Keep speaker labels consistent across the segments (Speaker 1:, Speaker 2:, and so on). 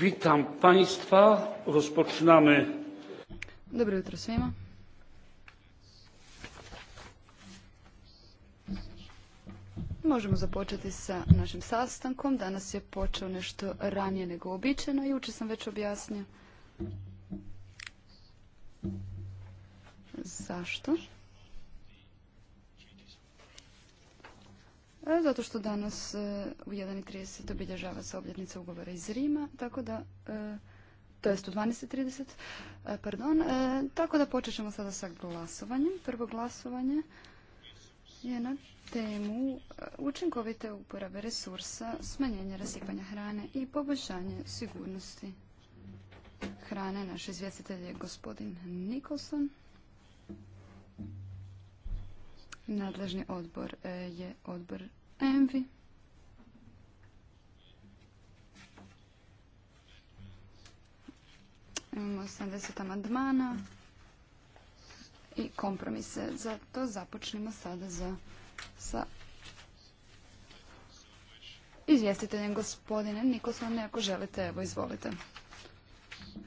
Speaker 1: Witam Państwa. Rozpoczynamy.
Speaker 2: Dobro jutro svima. Možemo započeti sa našim sastankom. Danas je počeo nešto ranije nego običajno. Juče sam već objasnio zašto. E, zato što danas e, u 1.30 obilježava se obljetnica ugovora iz Rima, tako da e, to jest u 12.30, pardon, tako da počet ćemo sada sa glasovanjem. Prvo glasovanje je na temu učinkovite uporabe resursa, smanjenje rasipanja hrane i poboljšanje sigurnosti hrane. Naš izvjestitelj je gospodin Nikolson. Nadležni odbor je odbor Envi. Imamo 80 amandmana i kompromise. Zato započnemo sada za, sa izvjestiteljem gospodine vam Ako želite, evo izvolite.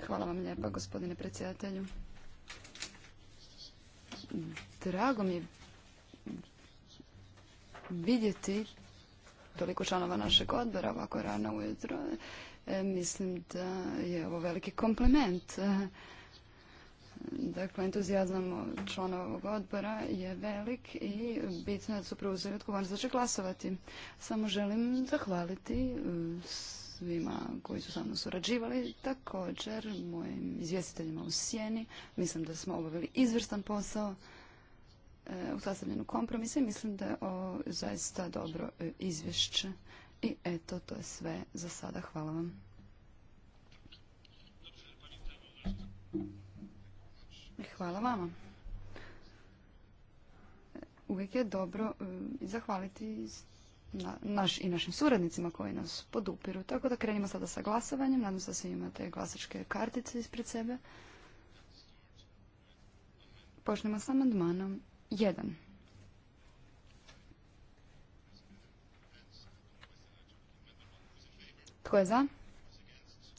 Speaker 2: Hvala vam lijepa gospodine predsjedatelju. Drago mi je vidjeti toliko članova našeg odbora ovako rano ujutro. E, mislim da je ovo veliki komplement. E, dakle, entuzijazam članova ovog odbora je velik i bitno je da su preuzeli odgovornost da će glasovati. Samo želim zahvaliti e, svima koji su sa mnom surađivali, također mojim izvjestiteljima u Sjeni. Mislim da smo obavili izvrstan posao. E, u sastavljenu kompromisu i mislim da je ovo zaista dobro e, izvješće. I eto, to je sve za sada. Hvala vam. Hvala vama. Uvijek je dobro e, zahvaliti naš i našim suradnicima koji nas podupiru. Tako da krenimo sada sa glasovanjem. Nadam se da svi imate glasačke kartice ispred sebe. Počnemo sa amandmanom jedan. Tko je za?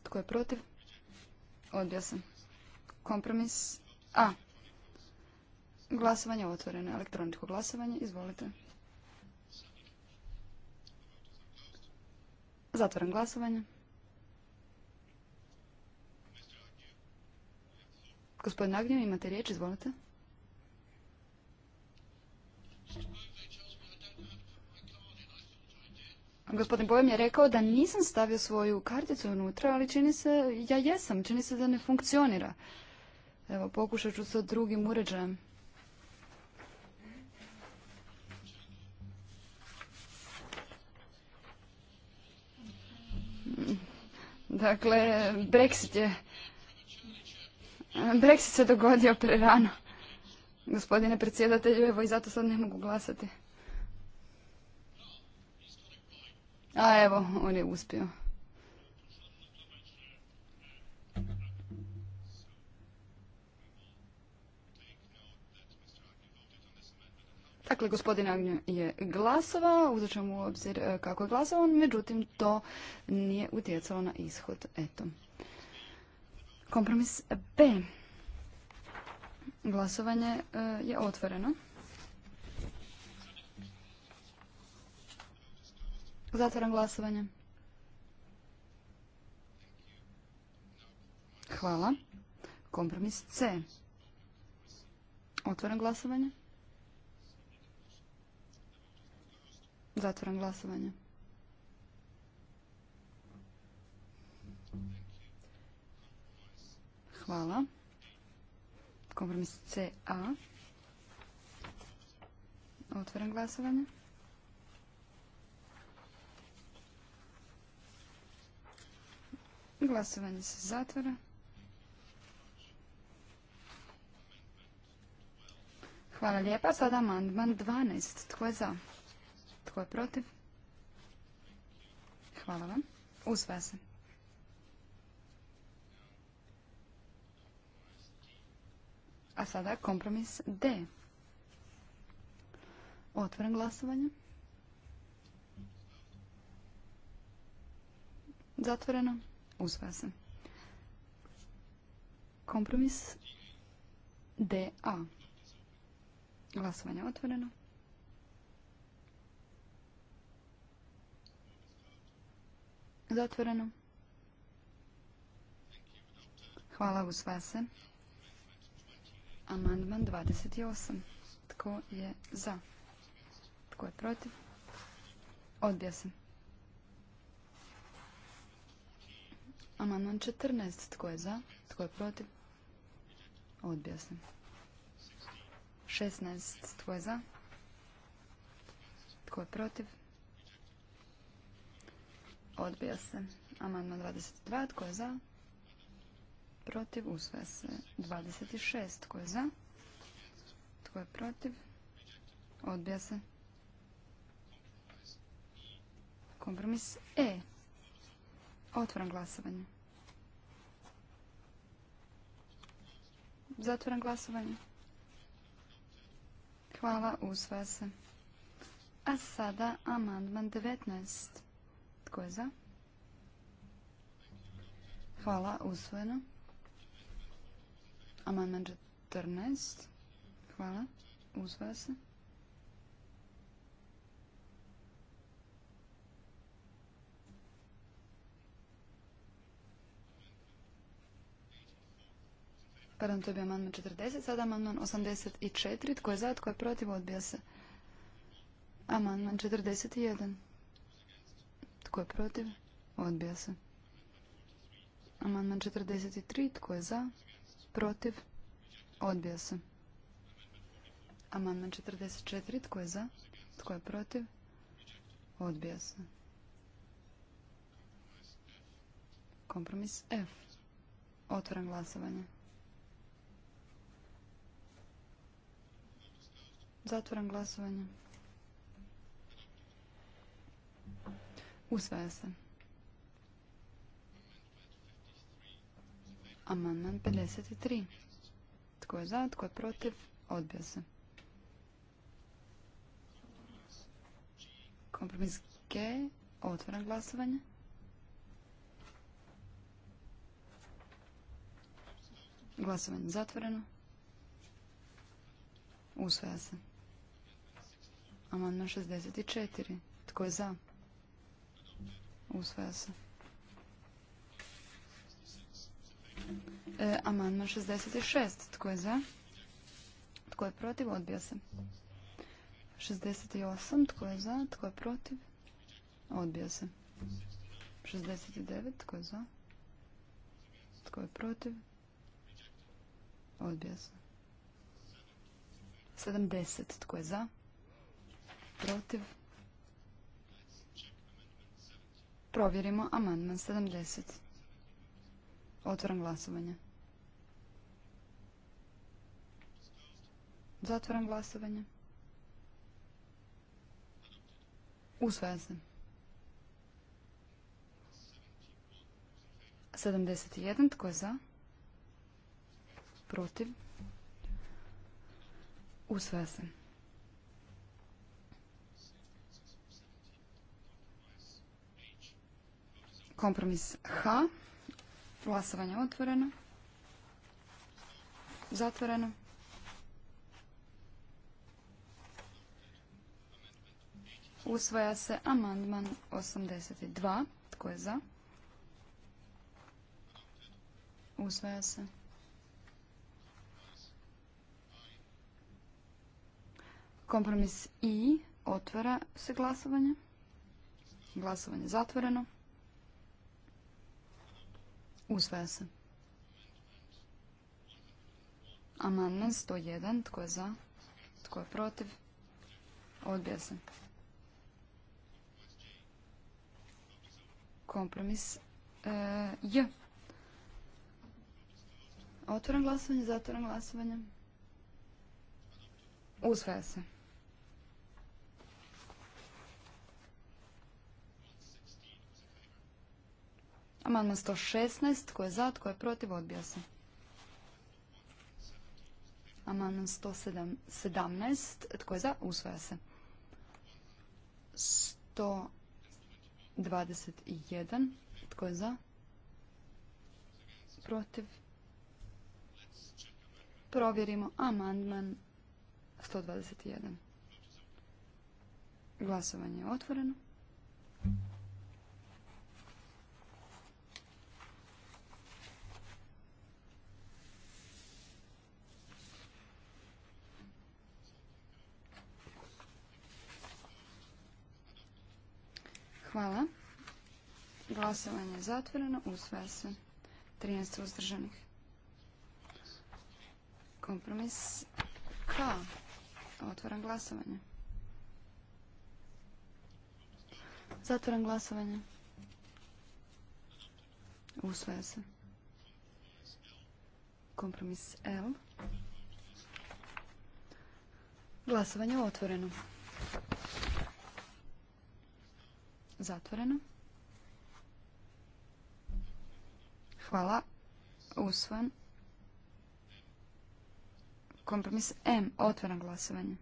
Speaker 2: Tko je protiv? odbio se. Kompromis A. Glasovanje otvoreno. Elektroničko glasovanje. Izvolite. zatvoren glasovanje. Gospodin Agnjev, imate riječ, izvolite. Gospodin Bojem je rekao da nisam stavio svoju karticu unutra, ali čini se, ja jesam, čini se da ne funkcionira. Evo, pokušat ću sa drugim uređajem. Dakle, Brexit Brexit se dogodio rano. Gospodine predsjedatelju, evo i zato sad ne mogu glasati. A evo, on je uspio. Dakle, gospodin Agnjo je glasovao, uzet ćemo u obzir e, kako je glasovao, međutim to nije utjecalo na ishod. Eto. Kompromis B. Glasovanje e, je otvoreno. Zatvaram glasovanje. Hvala. Kompromis C. Otvaram glasovanje. Zatvaram glasovanje. Hvala. Kompromis CA. Otvaram glasovanje. Glasovanje se zatvara. Hvala lijepa. Sada amandman 12. Tko je za? Tko je protiv? Hvala vam. Usvaja A sada kompromis D. Otvoren glasovanje. Zatvoreno. Usvaja se. Kompromis DA. Glasovanje otvoreno. Zatvoreno. Hvala, usvaja se. Amandman 28. Tko je za? Tko je protiv? Odbija se. Amandman 14. Tko je za? Tko je protiv? Odbija se. 16. Tko je za? Tko je protiv? Odbija se. Amandman 22. Tko je za? protiv, usvaja se. 26. Tko je za? Tko je protiv? Odbija se. Kompromis E. Otvoram glasovanje. Zatvoram glasovanje. Hvala, usvaja se. A sada amandman 19. Tko je za? Hvala, usvojeno. Amandman 14. Hvala. Uzvaja se. Pardon, to je bio amandman 40. Sada amandman 84. Tko je za, tko je protiv, odbija se. Amandman 41. Tko je protiv? Odbija se. Amandman 43. Tko je za? protiv, odbija se. Amandman 44, tko je za, tko je protiv, odbija se. Kompromis F. Otvoram glasovanje. Zatvoram glasovanje. Usvaja se. Amandman 53. Tko je za, tko je protiv, odbija se. Kompromis G, otvoran glasovanje. Glasovanje zatvoreno. Usvaja se. Amandman 64. Tko je za? Usvaja se. E, amandman 66. Tko je za? Tko je protiv? Odbija se. 68. Tko je za? Tko je protiv? Odbija se. 69. Tko je za? Tko je protiv? Odbija se. 70. Tko je za? Protiv? Provjerimo amandman 70. Otvaram glasovanje. Zatvaram glasovanje. Usvaja se. 71. Tko je za? Protiv? Usvaja se. Kompromis H. Glasovanje otvoreno. Zatvoreno. Usvaja se amandman 82. Tko je za? Usvaja se. Kompromis I. Otvara se glasovanje. Glasovanje zatvoreno. Usvaja se. Amandman 101. Tko je za? Tko je protiv? Odbija se. Kompromis je J. Otvoren glasovanje, zatvoren glasovanje. Usvaja se. Amandman 116. Tko je za? Tko je protiv? Odbija se. Amandman 117. Tko je za? Usvaja se. 121. Tko je za? Protiv? Provjerimo amandman 121. Glasovanje je otvoreno. Hvala. Glasovanje je zatvoreno. Usvaja se. 13 uzdržanih. Kompromis K. Otvoram glasovanje. Zatvoram glasovanje. Usvaja se. Kompromis L. Glasovanje je otvoreno. Zatvoreno. Hvala. Usvojen. Kompromis M. Otvoren glasovanje.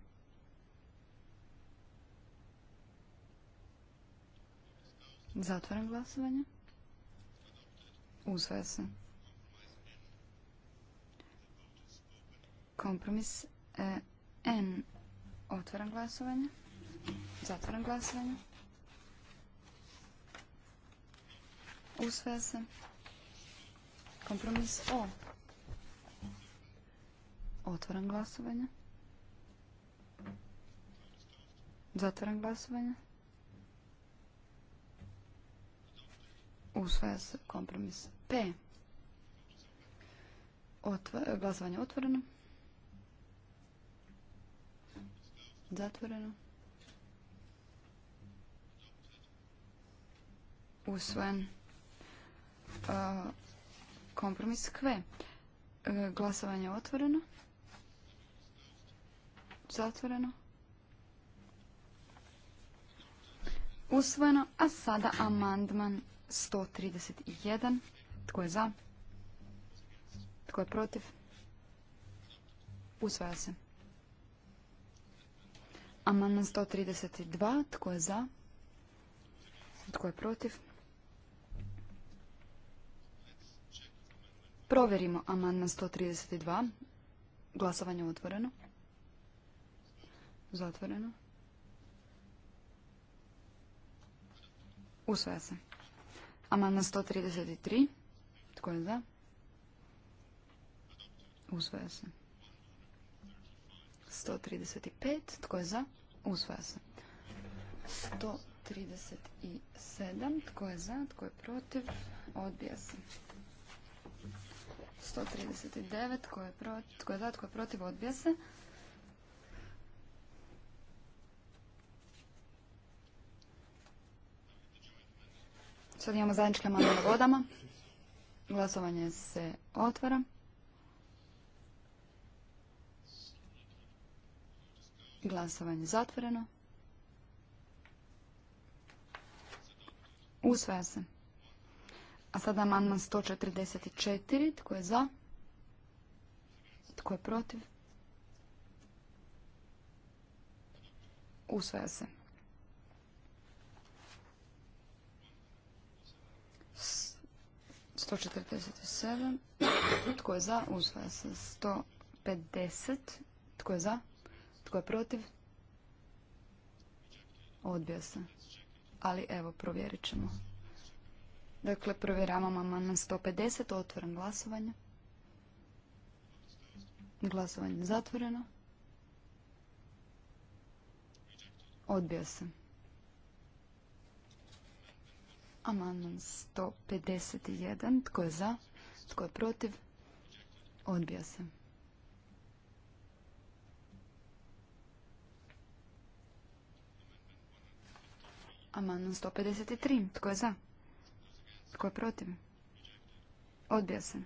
Speaker 2: Zatvoren glasovanje. Usvoja se. Kompromis e, N. Otvoren glasovanje. Zatvoren glasovanje. usvaja se. Kompromis O. Otvoram glasovanje. Zatvaram glasovanje. Usvaja se kompromis P. glasovanje otvoreno. Zatvoreno. Usvojen kompromis kve. Glasovanje je otvoreno. Zatvoreno. Usvojeno, a sada amandman 131. Tko je za? Tko je protiv? Usvaja se. Amandman 132. Tko je za? Tko je protiv? Provjerimo amandman 132. Glasovanje otvoreno. Zatvoreno. Usvaja se. Amandman 133. Tko je za? Usvaja se. 135. Tko je za? Usvaja se. 137. Tko je za? Tko je protiv? Odbija se. 139. Tko je, tko je za, tko je protiv, odbija se. Sad imamo zajedničke amandmane vodama. Glasovanje se otvara. Glasovanje zatvoreno. Usvaja se. A sada amandman 144. Tko je za? Tko je protiv? Usvaja se. 147. Tko je za? Usvaja se. 150. Tko je za? Tko je protiv? Odbija se. Ali evo, provjerit ćemo. Dakle, provjeravamo amandman 150. Otvoren glasovanje. Glasovanje zatvoreno. Odbio se. Amandman 151. Tko je za? Tko je protiv? Odbio se. Amandman 153. Tko je za? Tko je protiv? Odbija se.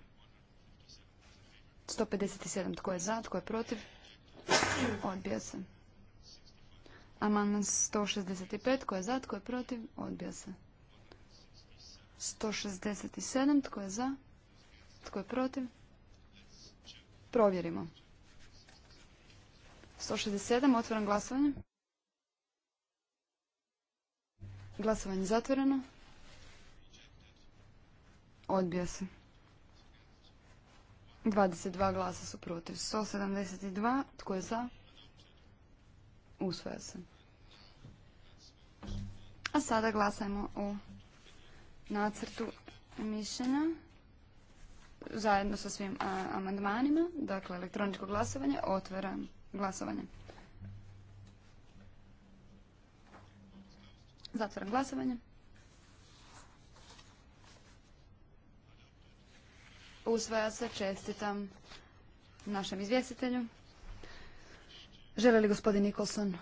Speaker 2: 157. Tko je za? Tko je protiv? Odbija se. Amandman 165. Tko je za? Tko je protiv? Odbija se. 167. Tko je za? Tko je protiv? Provjerimo. 167. Otvoram glasovanje. Glasovanje zatvoreno. Odbija se. 22 glasa su protiv. 172. Tko je za? Usvoja se. A sada glasajmo o nacrtu mišljenja zajedno sa svim amandmanima. Dakle, elektroničko glasovanje. Otvaram glasovanje. Zatvaram glasovanje. Usvaja se. Čestitam našem izvjestitelju. Žele li gospodin Nikolson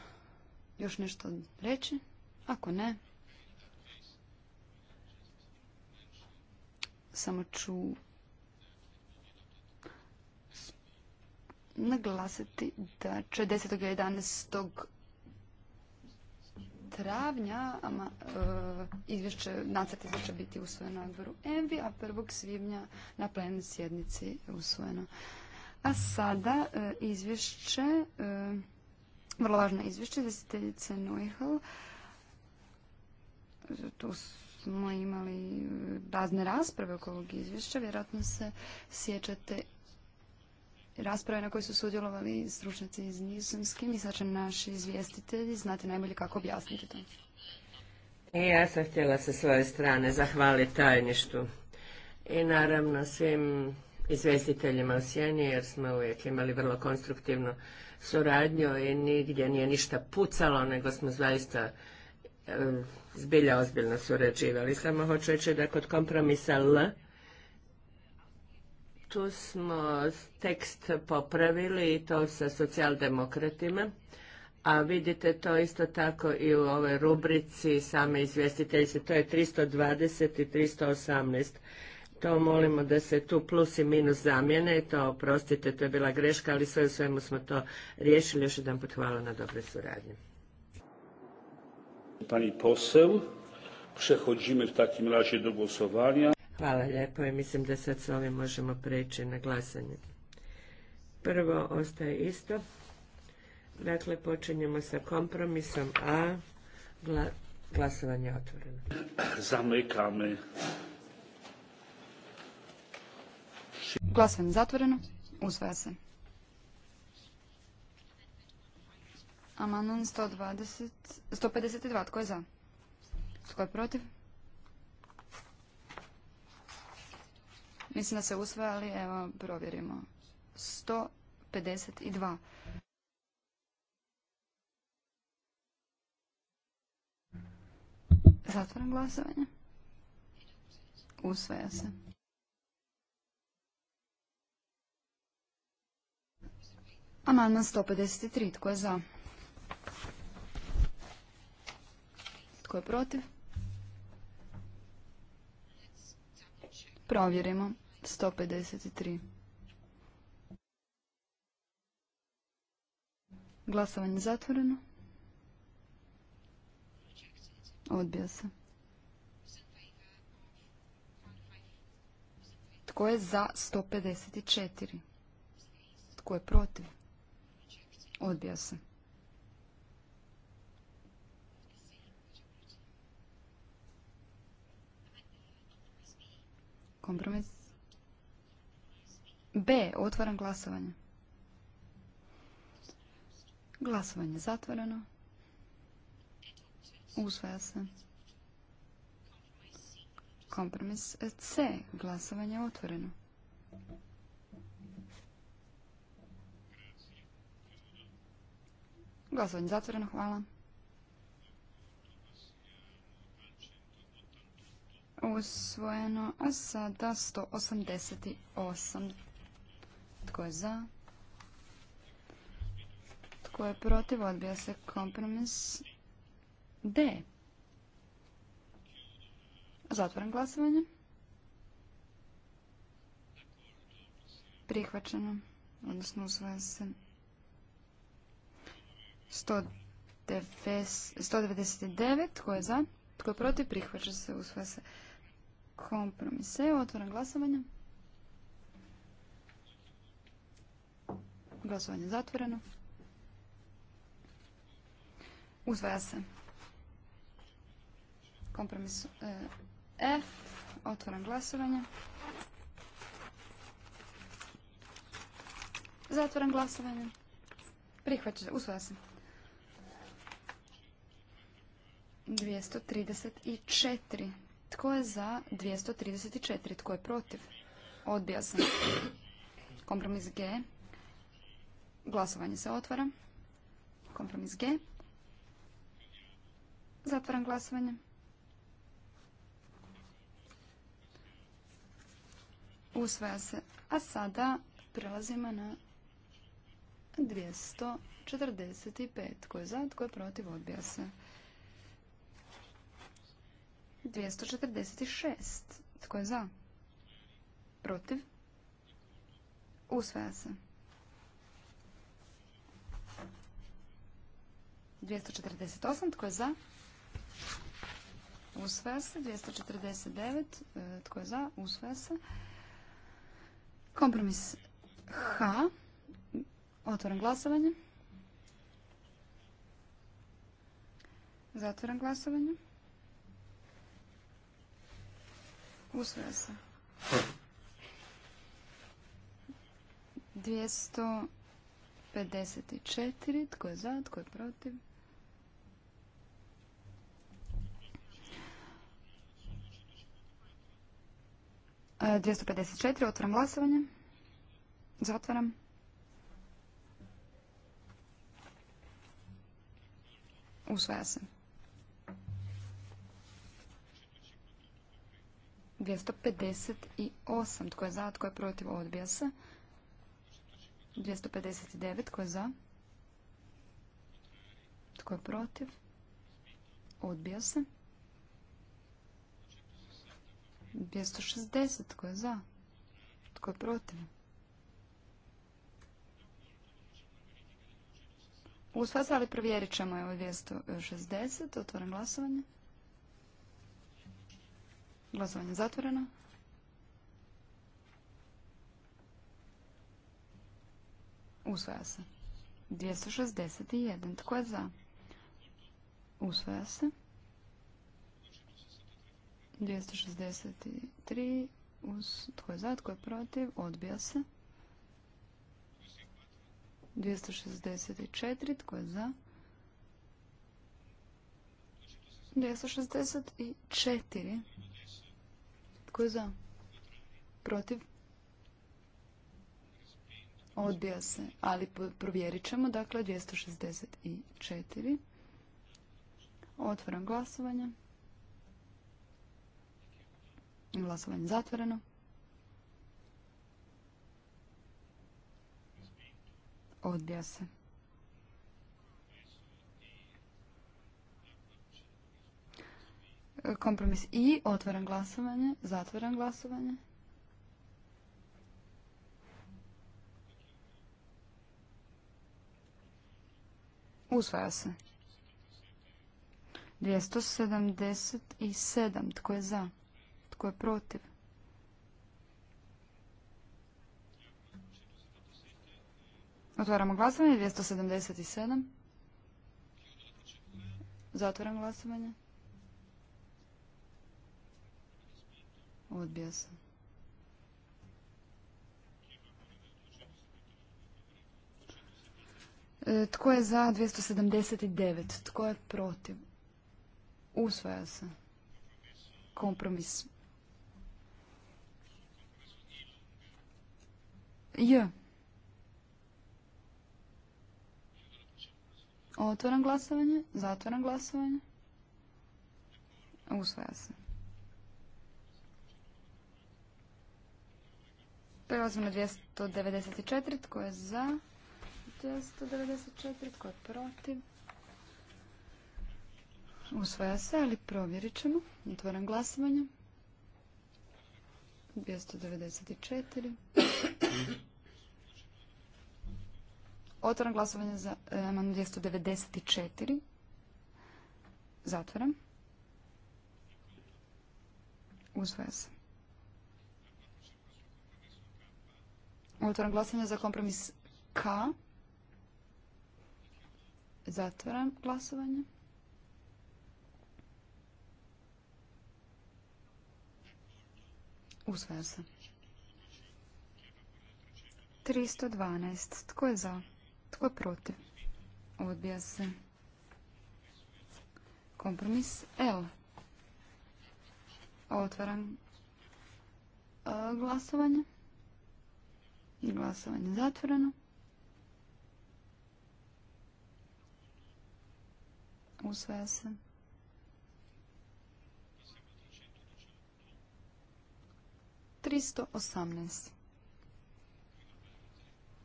Speaker 2: još nešto reći? Ako ne, samo ću naglasiti da će 10. 11 travnja ama, e, izvješće, nacrt izvješća biti usvojen u odboru ENVI, a 1. svibnja na plenarnoj sjednici usvojeno. A sada e, izvješće, e, vrlo važno izvješće, izvjestiteljice Neuhel. Tu smo imali razne rasprave oko ovog izvješća, vjerojatno se sjećate rasprave na kojoj su sudjelovali stručnjaci iz Nizozemske. I sad će naši izvjestitelji znati najbolje kako objasniti to.
Speaker 3: I ja sam htjela sa svoje strane zahvaliti tajništu i naravno svim izvjestiteljima u Sjeni jer smo uvijek imali vrlo konstruktivnu suradnju i nigdje nije ništa pucalo nego smo zaista zbilja ozbiljno surađivali. Samo hoću reći da kod kompromisa L tu smo tekst popravili i to sa socijaldemokratima, a vidite to isto tako i u ovoj rubrici same izvjestiteljice, to je 320 i 318. To molimo da se tu plus i minus zamijene, to oprostite, to je bila greška, ali sve u svemu smo to riješili. Još jedan put hvala na dobre suradnje.
Speaker 1: Pani poseł, przechodzimy w takim razie do głosowania.
Speaker 3: Hvala lijepo i mislim da sad s ovim možemo preći na glasanje. Prvo ostaje isto. Dakle, počinjemo sa kompromisom A. glasovanje je otvoreno.
Speaker 1: Zamekame.
Speaker 2: Glasovanje zatvoreno. Usvaja se. Amanon 120, 152. Tko je za? Tko je protiv? Mislim da se usvaja, ali evo, provjerimo. 152. Zatvoram glasovanje. Usvaja se. Amandman 153. Tko je za? Tko je protiv? Provjerimo. 153. Glasovanje zatvoreno. Odbija se. Tko je za 154? Tko je protiv? Odbija se. Kompromis B. Otvaram glasovanje. Glasovanje zatvoreno. Usvaja se. Kompromis C. Glasovanje otvoreno. Glasovanje zatvoreno. Hvala. Usvojeno. A sada 188. Tko je za? Tko je protiv? Odbija se kompromis D. Zatvoren glasovanje. Prihvaćeno, odnosno usvoja se 199. Tko je za? Tko je protiv? Prihvaća se, usvoja se kompromise. Otvoren glasovanje. Glasovanje zatvoreno. Uzvaja se. Kompromis e, F. Otvoram glasovanje. Zatvoram glasovanje. Prihvaća. Uzvaja se. 234. Tko je za 234? Tko je protiv? Odbija se. Kompromis G. Glasovanje se otvara. Kompromis G. Zatvaram glasovanje. Usvaja se. A sada prelazimo na 245. Tko je za, tko je protiv, odbija se. 246. Tko je za? Protiv? Usvaja se. 248. Tko je za? Usvaja se. 249. E, tko je za? Usvaja se. Kompromis H. Otvoram glasovanje. Zatvoram glasovanje. Usvaja se. 254. Tko je za? Tko je protiv? 254. Otvaram glasovanje. Zatvaram. Usvaja se. 258. Tko je za? Tko je protiv? Odbija se. 259. Tko je za? Tko je protiv? Odbija se. 260. Tko je za? Tko je protiv? Usvaja se, ali provjerit ćemo. Evo 260. Otvoren glasovanje. Glasovanje zatvoreno. Usvaja se. 261. Tko je za? Usvaja se. 263 uz tko je za, tko je protiv, odbija se. 264 tko je za. 264 tko je za, protiv, odbija se, ali provjerit ćemo, dakle 264 otvoram glasovanje. Glasovanje zatvoreno. Odbija se. Kompromis i otvoren glasovanje, Zatvoren glasovanje. Usvaja se. 277. Tko je za? Tko je protiv? Otvaramo glasovanje. 277. Zatvaram glasovanje. Odbija se. E, tko je za 279? Tko je protiv? Usvaja se. Kompromis je Otvoram glasovanje, zatvoram glasovanje. Usvaja se. Prelazimo na 294, tko je za? 294, tko je protiv? Usvaja se, ali provjerit ćemo. Otvoram glasovanje. 294. Otvoram glasovanje za e, amandman 294. Zatvaram. Usvaja se. Otvoram glasovanje za kompromis K. Zatvaram glasovanje. Usvaja se. 312. Tko je za? Tko je protiv? Odbija se. Kompromis L. Otvaram e, glasovanje. Glasovanje zatvoreno. Usvaja se. 318.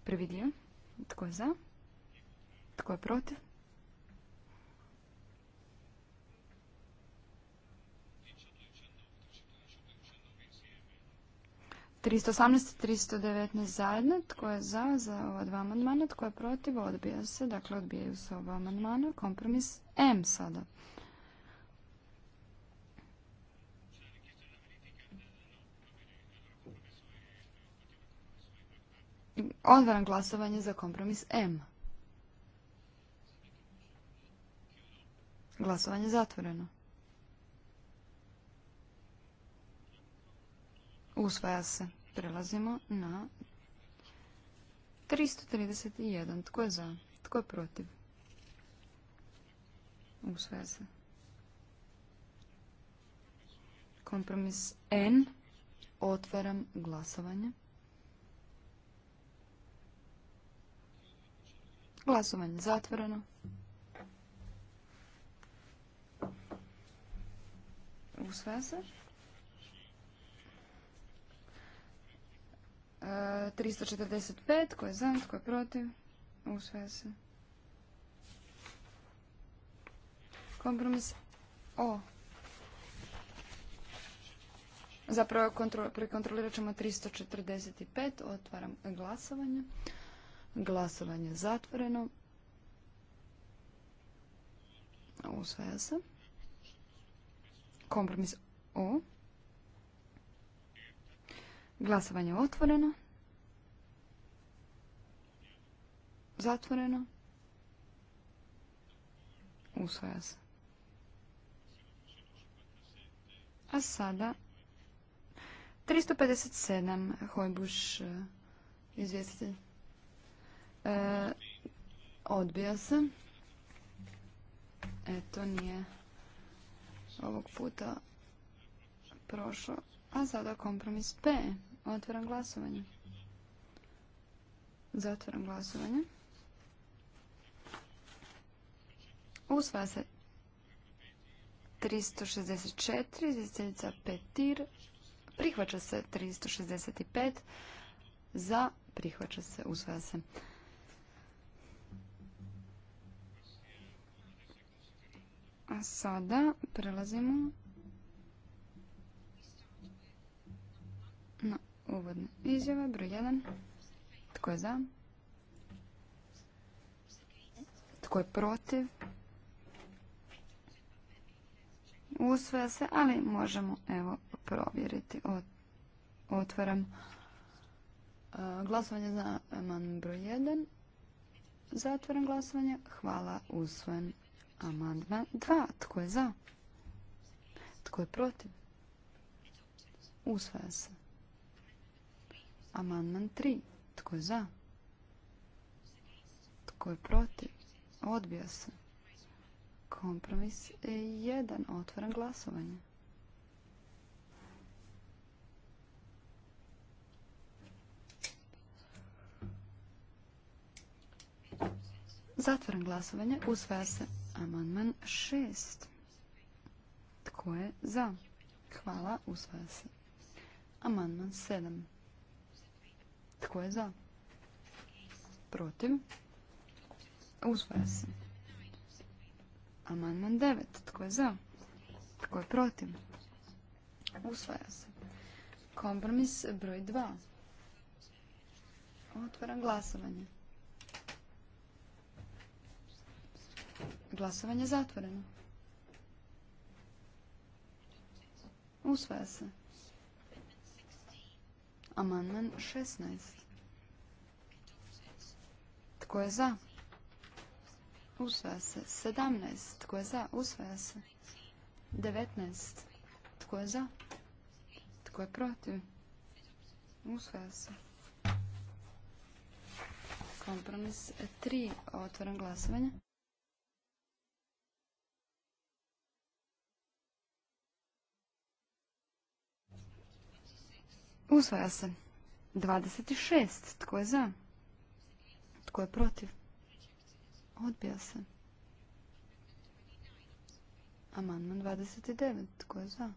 Speaker 2: Prvi dio. Tko je za? Tko je protiv? Tristo osamnaest tristo devetnaest zajedno. Tko je za? Za ova dva amandmana. Tko je protiv? Odbija se. Dakle, odbijaju se ova amandmana. Kompromis M sada. Odvaram glasovanje za kompromis M. Glasovanje zatvoreno. Usvaja se. Prelazimo na 331. Tko je za? Tko je protiv? Usvaja se. Kompromis N. Otvaram glasovanje. Glasovanje zatvoreno. Usvaja se. 345, e, tko je za, tko je protiv, u se. Kompromis O. Zapravo prekontrolirat ćemo 345, otvaram glasovanje. Glasovanje zatvoreno. Usvaja se. Kompromis O. Glasovanje otvoreno. Zatvoreno. Usvaja se. A sada 357 Hojbuš eh, izvjestitelj. E, odbija se. Eto, nije ovog puta prošlo. A sada kompromis P. Otvaram glasovanje. Zatvaram glasovanje. Usvaja se 364, izvjestiteljica Petir. Prihvaća se 365, za prihvaća se, usvaja se. sada prelazimo na uvodne izjave. Broj 1. Tko je za? Tko je protiv? Usvaja se, ali možemo evo provjeriti. Otvaram glasovanje za man broj 1. Zatvaram glasovanje. Hvala, usvojen. Amandman 2. Tko je za? Tko je protiv? Usvaja se. Amandman 3. Tko je za? Tko je protiv? Odbija se. Kompromis 1. Otvoren glasovanje. Zatvoren glasovanje. Usvaja se. Amandman 6. Tko je za? Hvala, usvaja se. Amandman 7. Tko je za? Protiv? Usvaja se. Amandman 9. Tko je za? Tko je protiv? Usvaja se. Kompromis broj 2. Otvaram glasovanje. Glasovanje zatvoreno. Usvaja se. Amandman 16. Tko je za? Usvaja se. 17. Tko je za? Usvaja se. 19. Tko je za? Tko je protiv? Usvaja se. Kompromis 3. Otvoren glasovanje. Usvaja se. 26. Tko je za? Tko je protiv? Odbija se. Amandman 29. Tko je za?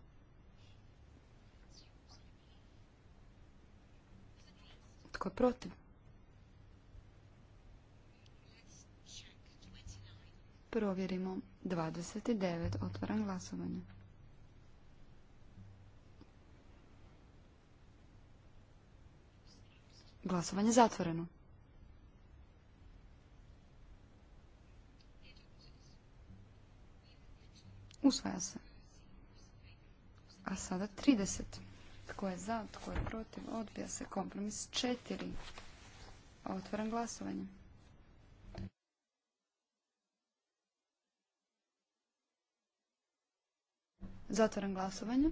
Speaker 2: Tko je protiv? Provjerimo. 29. Otvaram glasovanje. Glasovanje zatvoreno. Usvaja se. A sada 30. Tko je za, tko je protiv, odbija se kompromis 4. Otvoren glasovanje. Zatvoren glasovanje.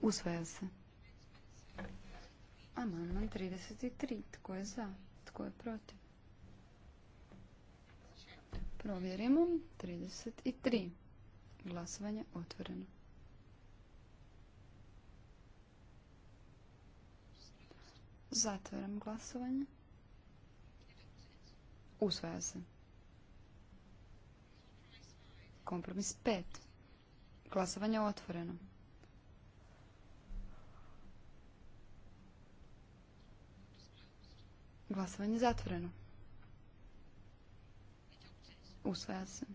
Speaker 2: Usvaja se. Amandman 33. Tko je za? Tko je protiv? Provjerimo. 33. Glasovanje otvoreno. Zatvaram glasovanje. Usvaja se. Kompromis 5. Glasovanje otvoreno. Glasovanje zatvoreno. Usvaja se.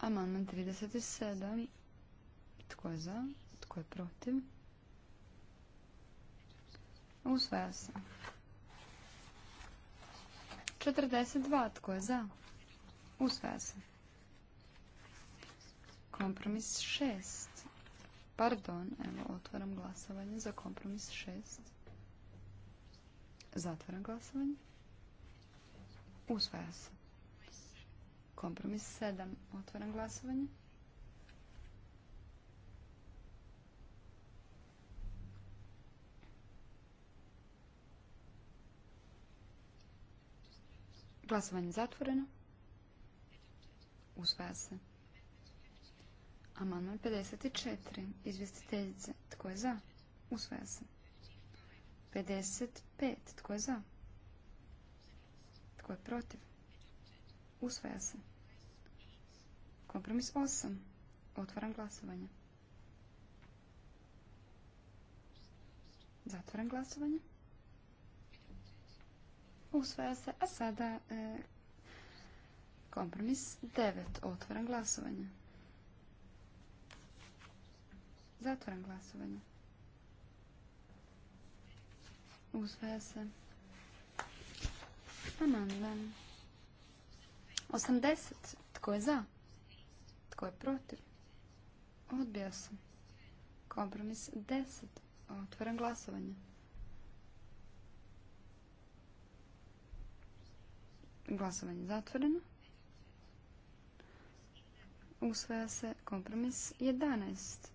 Speaker 2: Amandman 37. Tko je za? Tko je protiv? Usvaja se. 42. Tko je za? Usvaja se. Kompromis 6. Pardon, evo, otvaram glasovanje za kompromis 6. Zatvaram glasovanje. Usvaja se. Kompromis 7. Otvaram glasovanje. Glasovanje zatvoreno. Usvaja se. Amandman 54. Izvjestiteljice. Tko je za? Usvaja se. 55. Tko je za? Tko je protiv? Usvaja se. Kompromis 8. Otvaram glasovanje. Zatvaram glasovanje. Usvaja se. A sada e, kompromis 9. Otvaram glasovanje. Zatvaram glasovanje. Usvaja se. Amandman. 80. Tko je za? Tko je protiv? Odbija se. Kompromis 10. Otvoram glasovanje. Glasovanje zatvoreno. Usvaja se kompromis 11.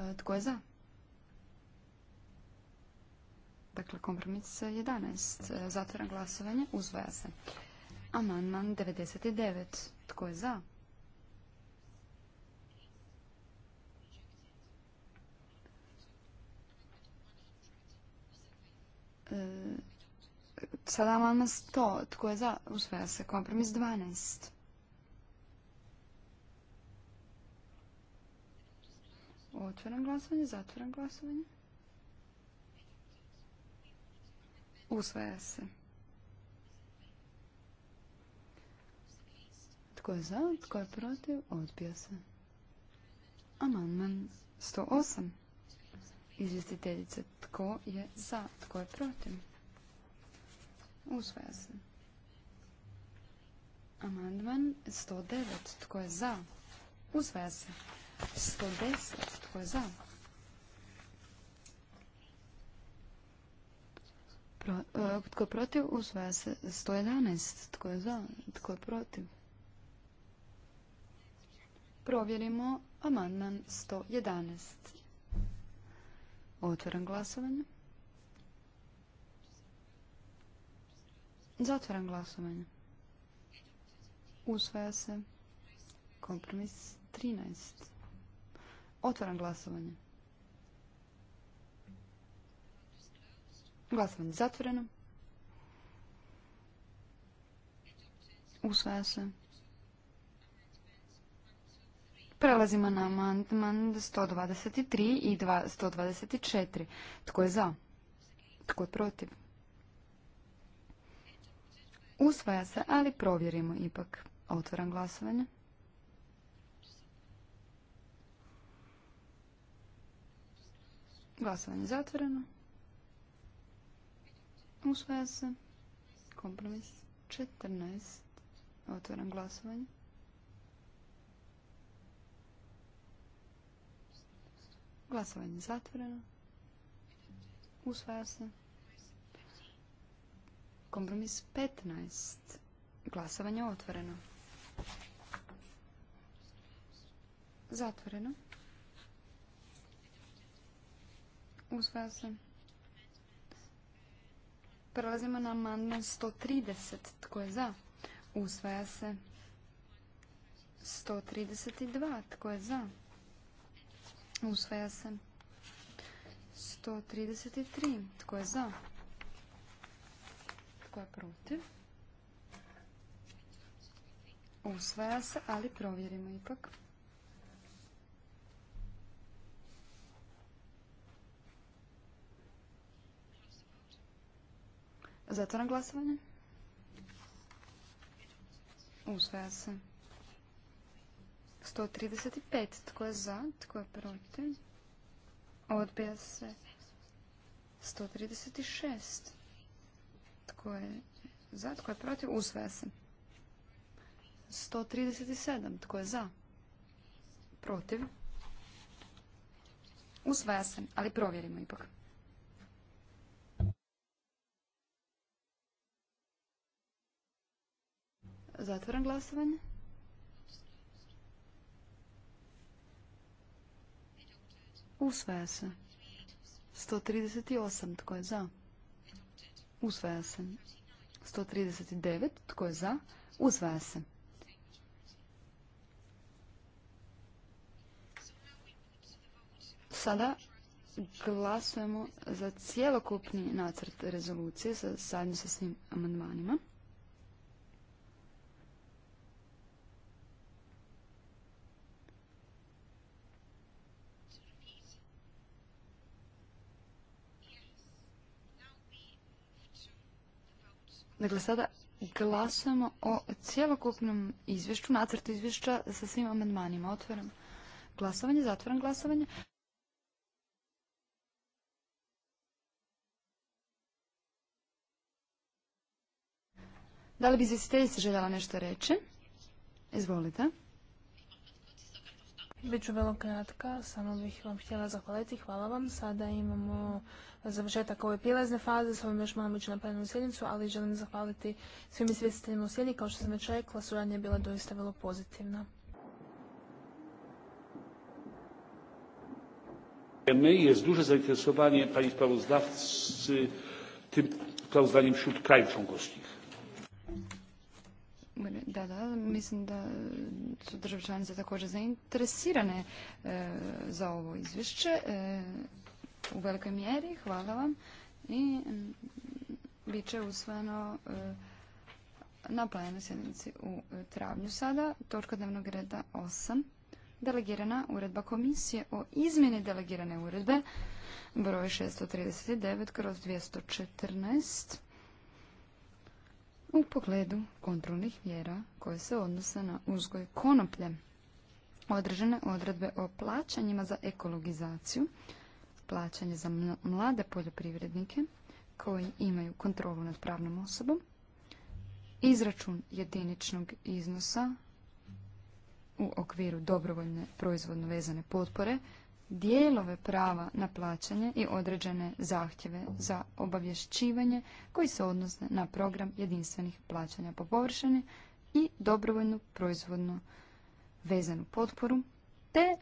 Speaker 2: E, tko je za? Dakle, kompromis 11. Zatvoran glasovanje. Uzvaja se. Amandman 99. Tko je za? E, sada amandman 100. Tko je za? Usvaja se. Kompromis 12. Otvoren glasovanje, zatvoren glasovanje. Usvaja se. Tko je za? Tko je protiv? Odbija se. Amandman 108. Izvjestiteljice. Tko je za? Tko je protiv? Usvaja se. Amandman 109. Tko je za? Usvaja se. 110. Tko je za? Pro, e, tko je protiv? Usvaja se 111. Tko je za? Tko je protiv? Provjerimo amandman 111. Otvaram glasovanje. Zatvaram glasovanje. Usvaja se kompromis 13. Otvaram glasovanje. Glasovanje zatvoreno. Usvaja se. Prelazimo na amandman 123 i 124. Tko je za? Tko je protiv? Usvaja se, ali provjerimo ipak. Otvaram glasovanje. Glasovanje zatvoreno. Usvaja se. Kompromis 14. Otvaram glasovanje. Glasovanje zatvoreno. Usvaja se. Kompromis 15. Glasovanje otvoreno. Zatvoreno. Usvaja se. Prelazimo na amandman 130. Tko je za? Usvaja se. 132. Tko je za? Usvaja se. 133. Tko je za? Tko je protiv? Usvaja se, ali provjerimo ipak. na glasovanje. Usvaja se. 135. Tko je za? Tko je protiv? Odbija se. 136. Tko je za? Tko je protiv? Usvaja se. 137. Tko je za? Protiv? Usvaja se, ali provjerimo ipak. Zatvoram glasovanje. Usvaja se. 138. Tko je za? Usvaja se. 139. Tko je za? Usvaja se. Sada glasujemo za cijelokupni nacrt rezolucije sa sadnju sa svim amandmanima. Dakle, sada glasujemo o cjelokupnom izvješću, nacrtu izvješća sa svim amandmanima. Otvaram glasovanje, zatvaram glasovanje. Da li bi izvjestiteljica željela nešto reći? Izvolite.
Speaker 4: Biću vrlo kratka, samo bih vam htjela zahvaliti. Hvala vam. Sada imamo završetak ove prilazne faze, s ovim još malo ići na plenarnu sjednicu, ali želim zahvaliti svim izvjestiteljima u sjedni. Kao što sam već rekla, suradnja je bila doista vrlo pozitivna.
Speaker 1: Jest duże zainteresowanie pani sprawozdawcy tym sprawozdaniem wśród krajów członkowskich.
Speaker 2: Da, da, mislim da su države članice također zainteresirane e, za ovo izvješće e, u velikoj mjeri. Hvala vam. I mm, bit će usvojeno e, na plenarnoj sjednici u travnju sada. Točka dnevnog reda 8. Delegirana uredba komisije o izmjeni delegirane uredbe broj 639 kroz 214 u pogledu kontrolnih mjera koje se odnose na uzgoj konoplje, određene odredbe o plaćanjima za ekologizaciju, plaćanje za mlade poljoprivrednike koji imaju kontrolu nad pravnom osobom, izračun jediničnog iznosa u okviru dobrovoljne proizvodno vezane potpore dijelove prava na plaćanje i određene zahtjeve za obavješćivanje koji se odnose na program jedinstvenih plaćanja po površini i dobrovoljnu proizvodnu vezanu potporu te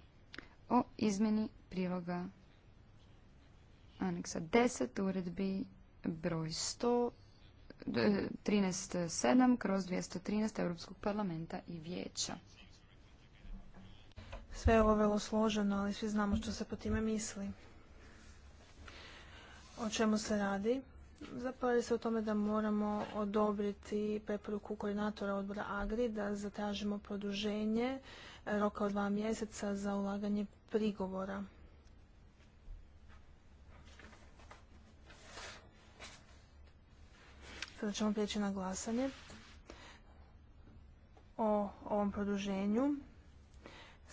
Speaker 2: o izmjeni priloga aneksa 10 uredbi broj 100 13.7 e, kroz 213 Europskog parlamenta i vijeća.
Speaker 4: Sve je ovo vrlo složeno, ali svi znamo što se po time misli. O čemu se radi? Zapravo je se o tome da moramo odobriti preporuku koordinatora odbora AGRI da zatražimo produženje roka od dva mjeseca za ulaganje prigovora. Sada ćemo prijeći na glasanje o ovom produženju.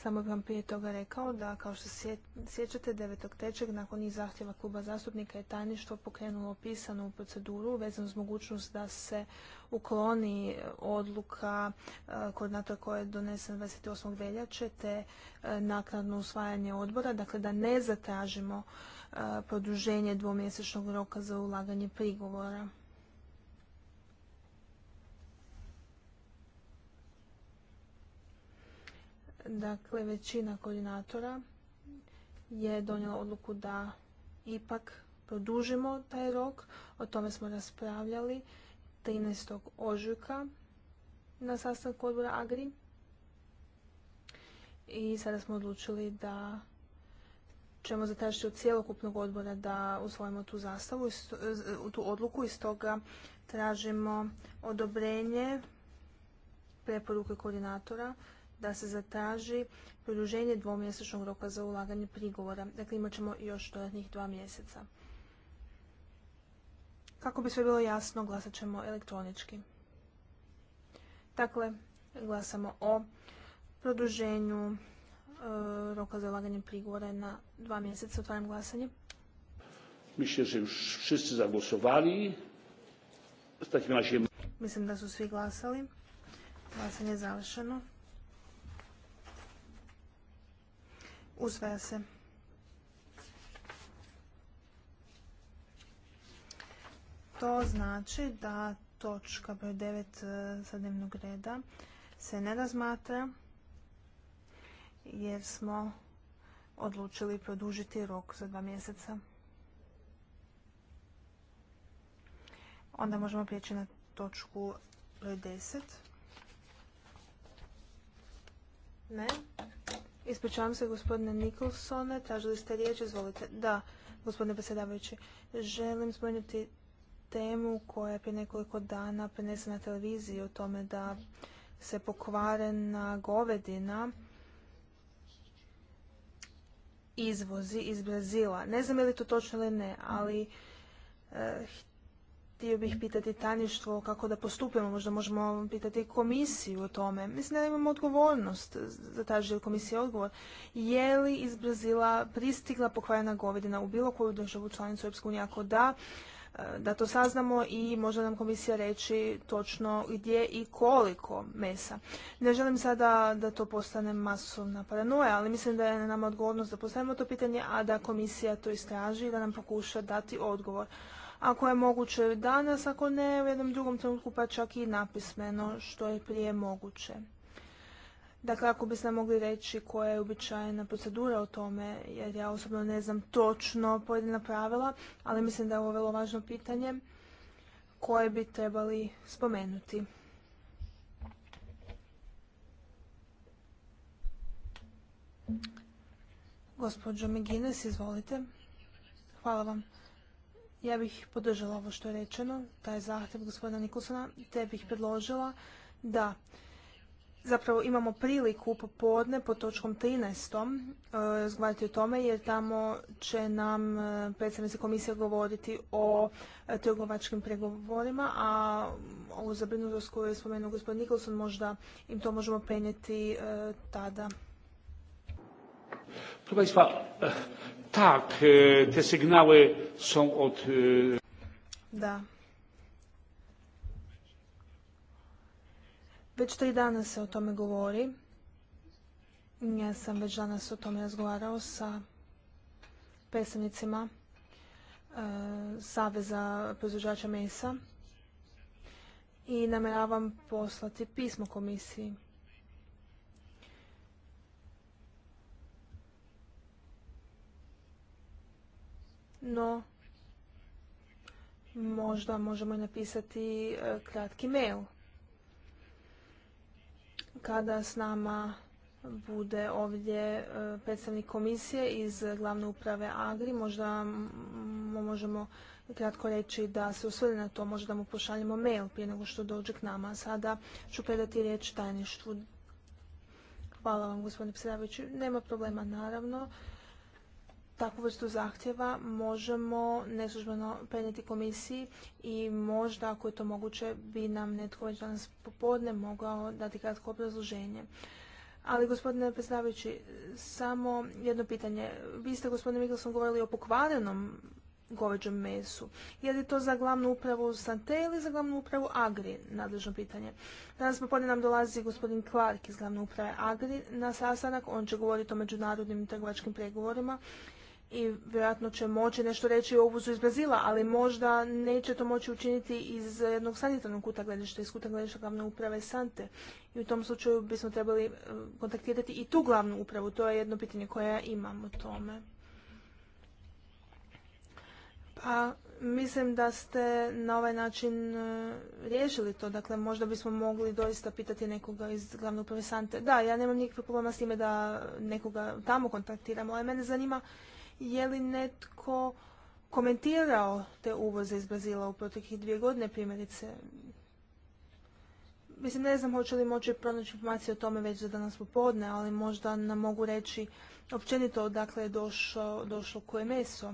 Speaker 4: Samo bih vam prije toga rekao da, kao što se sjećate, 9.3. nakon njih zahtjeva kluba zastupnika je tajništvo pokrenulo pisanu proceduru vezano s mogućnost da se ukloni odluka e, koordinatora koja je donesena 28. veljače te e, naknadno usvajanje odbora, dakle da ne zatražimo e, produženje dvomjesečnog roka za ulaganje prigovora. Dakle, većina koordinatora je donijela odluku da ipak produžimo taj rok. O tome smo raspravljali 13. ožujka na sastanku odbora Agri. I sada smo odlučili da ćemo zatražiti od cijelokupnog odbora da usvojimo tu zastavu, e, tu odluku i stoga tražimo odobrenje preporuke koordinatora da se zatraži produženje dvomjesečnog roka za ulaganje prigovora. Dakle, imat ćemo još dodatnih dva mjeseca. Kako bi sve bilo jasno, glasat ćemo elektronički. Dakle, glasamo o produženju e, roka za ulaganje prigovora na dva mjeseca. Otvaram glasanje.
Speaker 1: Mislim da su svi
Speaker 4: Mislim da su svi glasali. Glasanje je završeno. Usvaja se. To znači da točka broj 9 e, sa dnevnog reda se ne razmatra jer smo odlučili produžiti rok za dva mjeseca. Onda možemo prijeći na točku broj 10. Ne. Ispričavam se, gospodine Nikolsone, tražili ste riječ, izvolite. Da, gospodine predsjedavajući, želim spomenuti temu koja je prije nekoliko dana prenesena na televiziji o tome da se pokvarena govedina izvozi iz Brazila. Ne znam je li to točno ili ne, ali eh, Htio bih pitati tajništvo kako da postupimo, možda možemo pitati komisiju o tome. Mislim da imamo odgovornost, zatraži od komisije odgovor. Je li iz Brazila pristigla pokvarjena govedina u bilo koju državu članicu EU? Ako da, e, da to saznamo i možda nam komisija reći točno gdje i koliko mesa. Ne želim sada da to postane masovna paranoja, ali mislim da je nama odgovornost da postavimo to pitanje, a da komisija to istraži i da nam pokuša dati odgovor ako je moguće danas, ako ne u jednom drugom trenutku pa čak i napismeno što je prije moguće. Dakle, ako biste mogli reći koja je uobičajena procedura o tome, jer ja osobno ne znam točno pojedina pravila, ali mislim da je ovo vrlo važno pitanje koje bi trebali spomenuti. Gospođo Megines, izvolite. Hvala vam. Ja bih podržala ovo što je rečeno, taj zahtjev gospodina Nikolsona, te bih predložila da zapravo imamo priliku popodne pod točkom 13. E, razgovarati o tome jer tamo će nam e, predstavnici komisije govoriti o e, trgovačkim pregovorima, a ovu zabrinutost koju je spomenuo gospodin Nikolson možda im to možemo penjeti tada.
Speaker 1: Tak, e, te sygnały są od... E,
Speaker 4: da. Već tri dana se o tome govori. Ja sam već danas o tome razgovarao sa predstavnicima e, Saveza proizvođača mesa i namjeravam poslati pismo komisiji. no možda možemo i napisati e, kratki mail. Kada s nama bude ovdje e, predstavnik komisije iz glavne uprave Agri, možda možemo kratko reći da se usvrde na to, možda mu pošaljemo mail prije nego što dođe k nama. Sada ću predati riječ tajništvu. Hvala vam, gospodine predsjedavajući. Nema problema, naravno takvu vrstu zahtjeva možemo neslužbeno prenijeti komisiji i možda ako je to moguće bi nam netko već danas popodne mogao dati kratko obrazloženje. Ali gospodine predsjedavajući, samo jedno pitanje. Vi ste gospodine Miklasom, govorili o pokvarenom goveđem mesu. Je li to za glavnu upravu Sante ili za glavnu upravu Agri? Nadležno pitanje. Danas popodne nam dolazi gospodin Clark iz glavne uprave Agri na sastanak. On će govoriti o međunarodnim trgovačkim pregovorima i vjerojatno će moći nešto reći o uvozu iz Brazila, ali možda neće to moći učiniti iz jednog sanitarnog kuta gledišta, iz kuta gledišta glavne uprave Sante. I u tom slučaju bismo trebali eh, kontaktirati i tu glavnu upravu. To je jedno pitanje koje ja imam o tome. Pa mislim da ste na ovaj način eh, riješili to. Dakle, možda bismo mogli doista pitati nekoga iz glavne uprave Sante. Da, ja nemam nikakve problema s time da nekoga tamo kontaktiramo, ali mene zanima je li netko komentirao te uvoze iz Brazila u proteklih dvije godine primjerice? Mislim, ne znam hoće li moći pronaći informacije o tome već za danas popodne, ali možda nam mogu reći općenito odakle je došlo, došlo koje meso.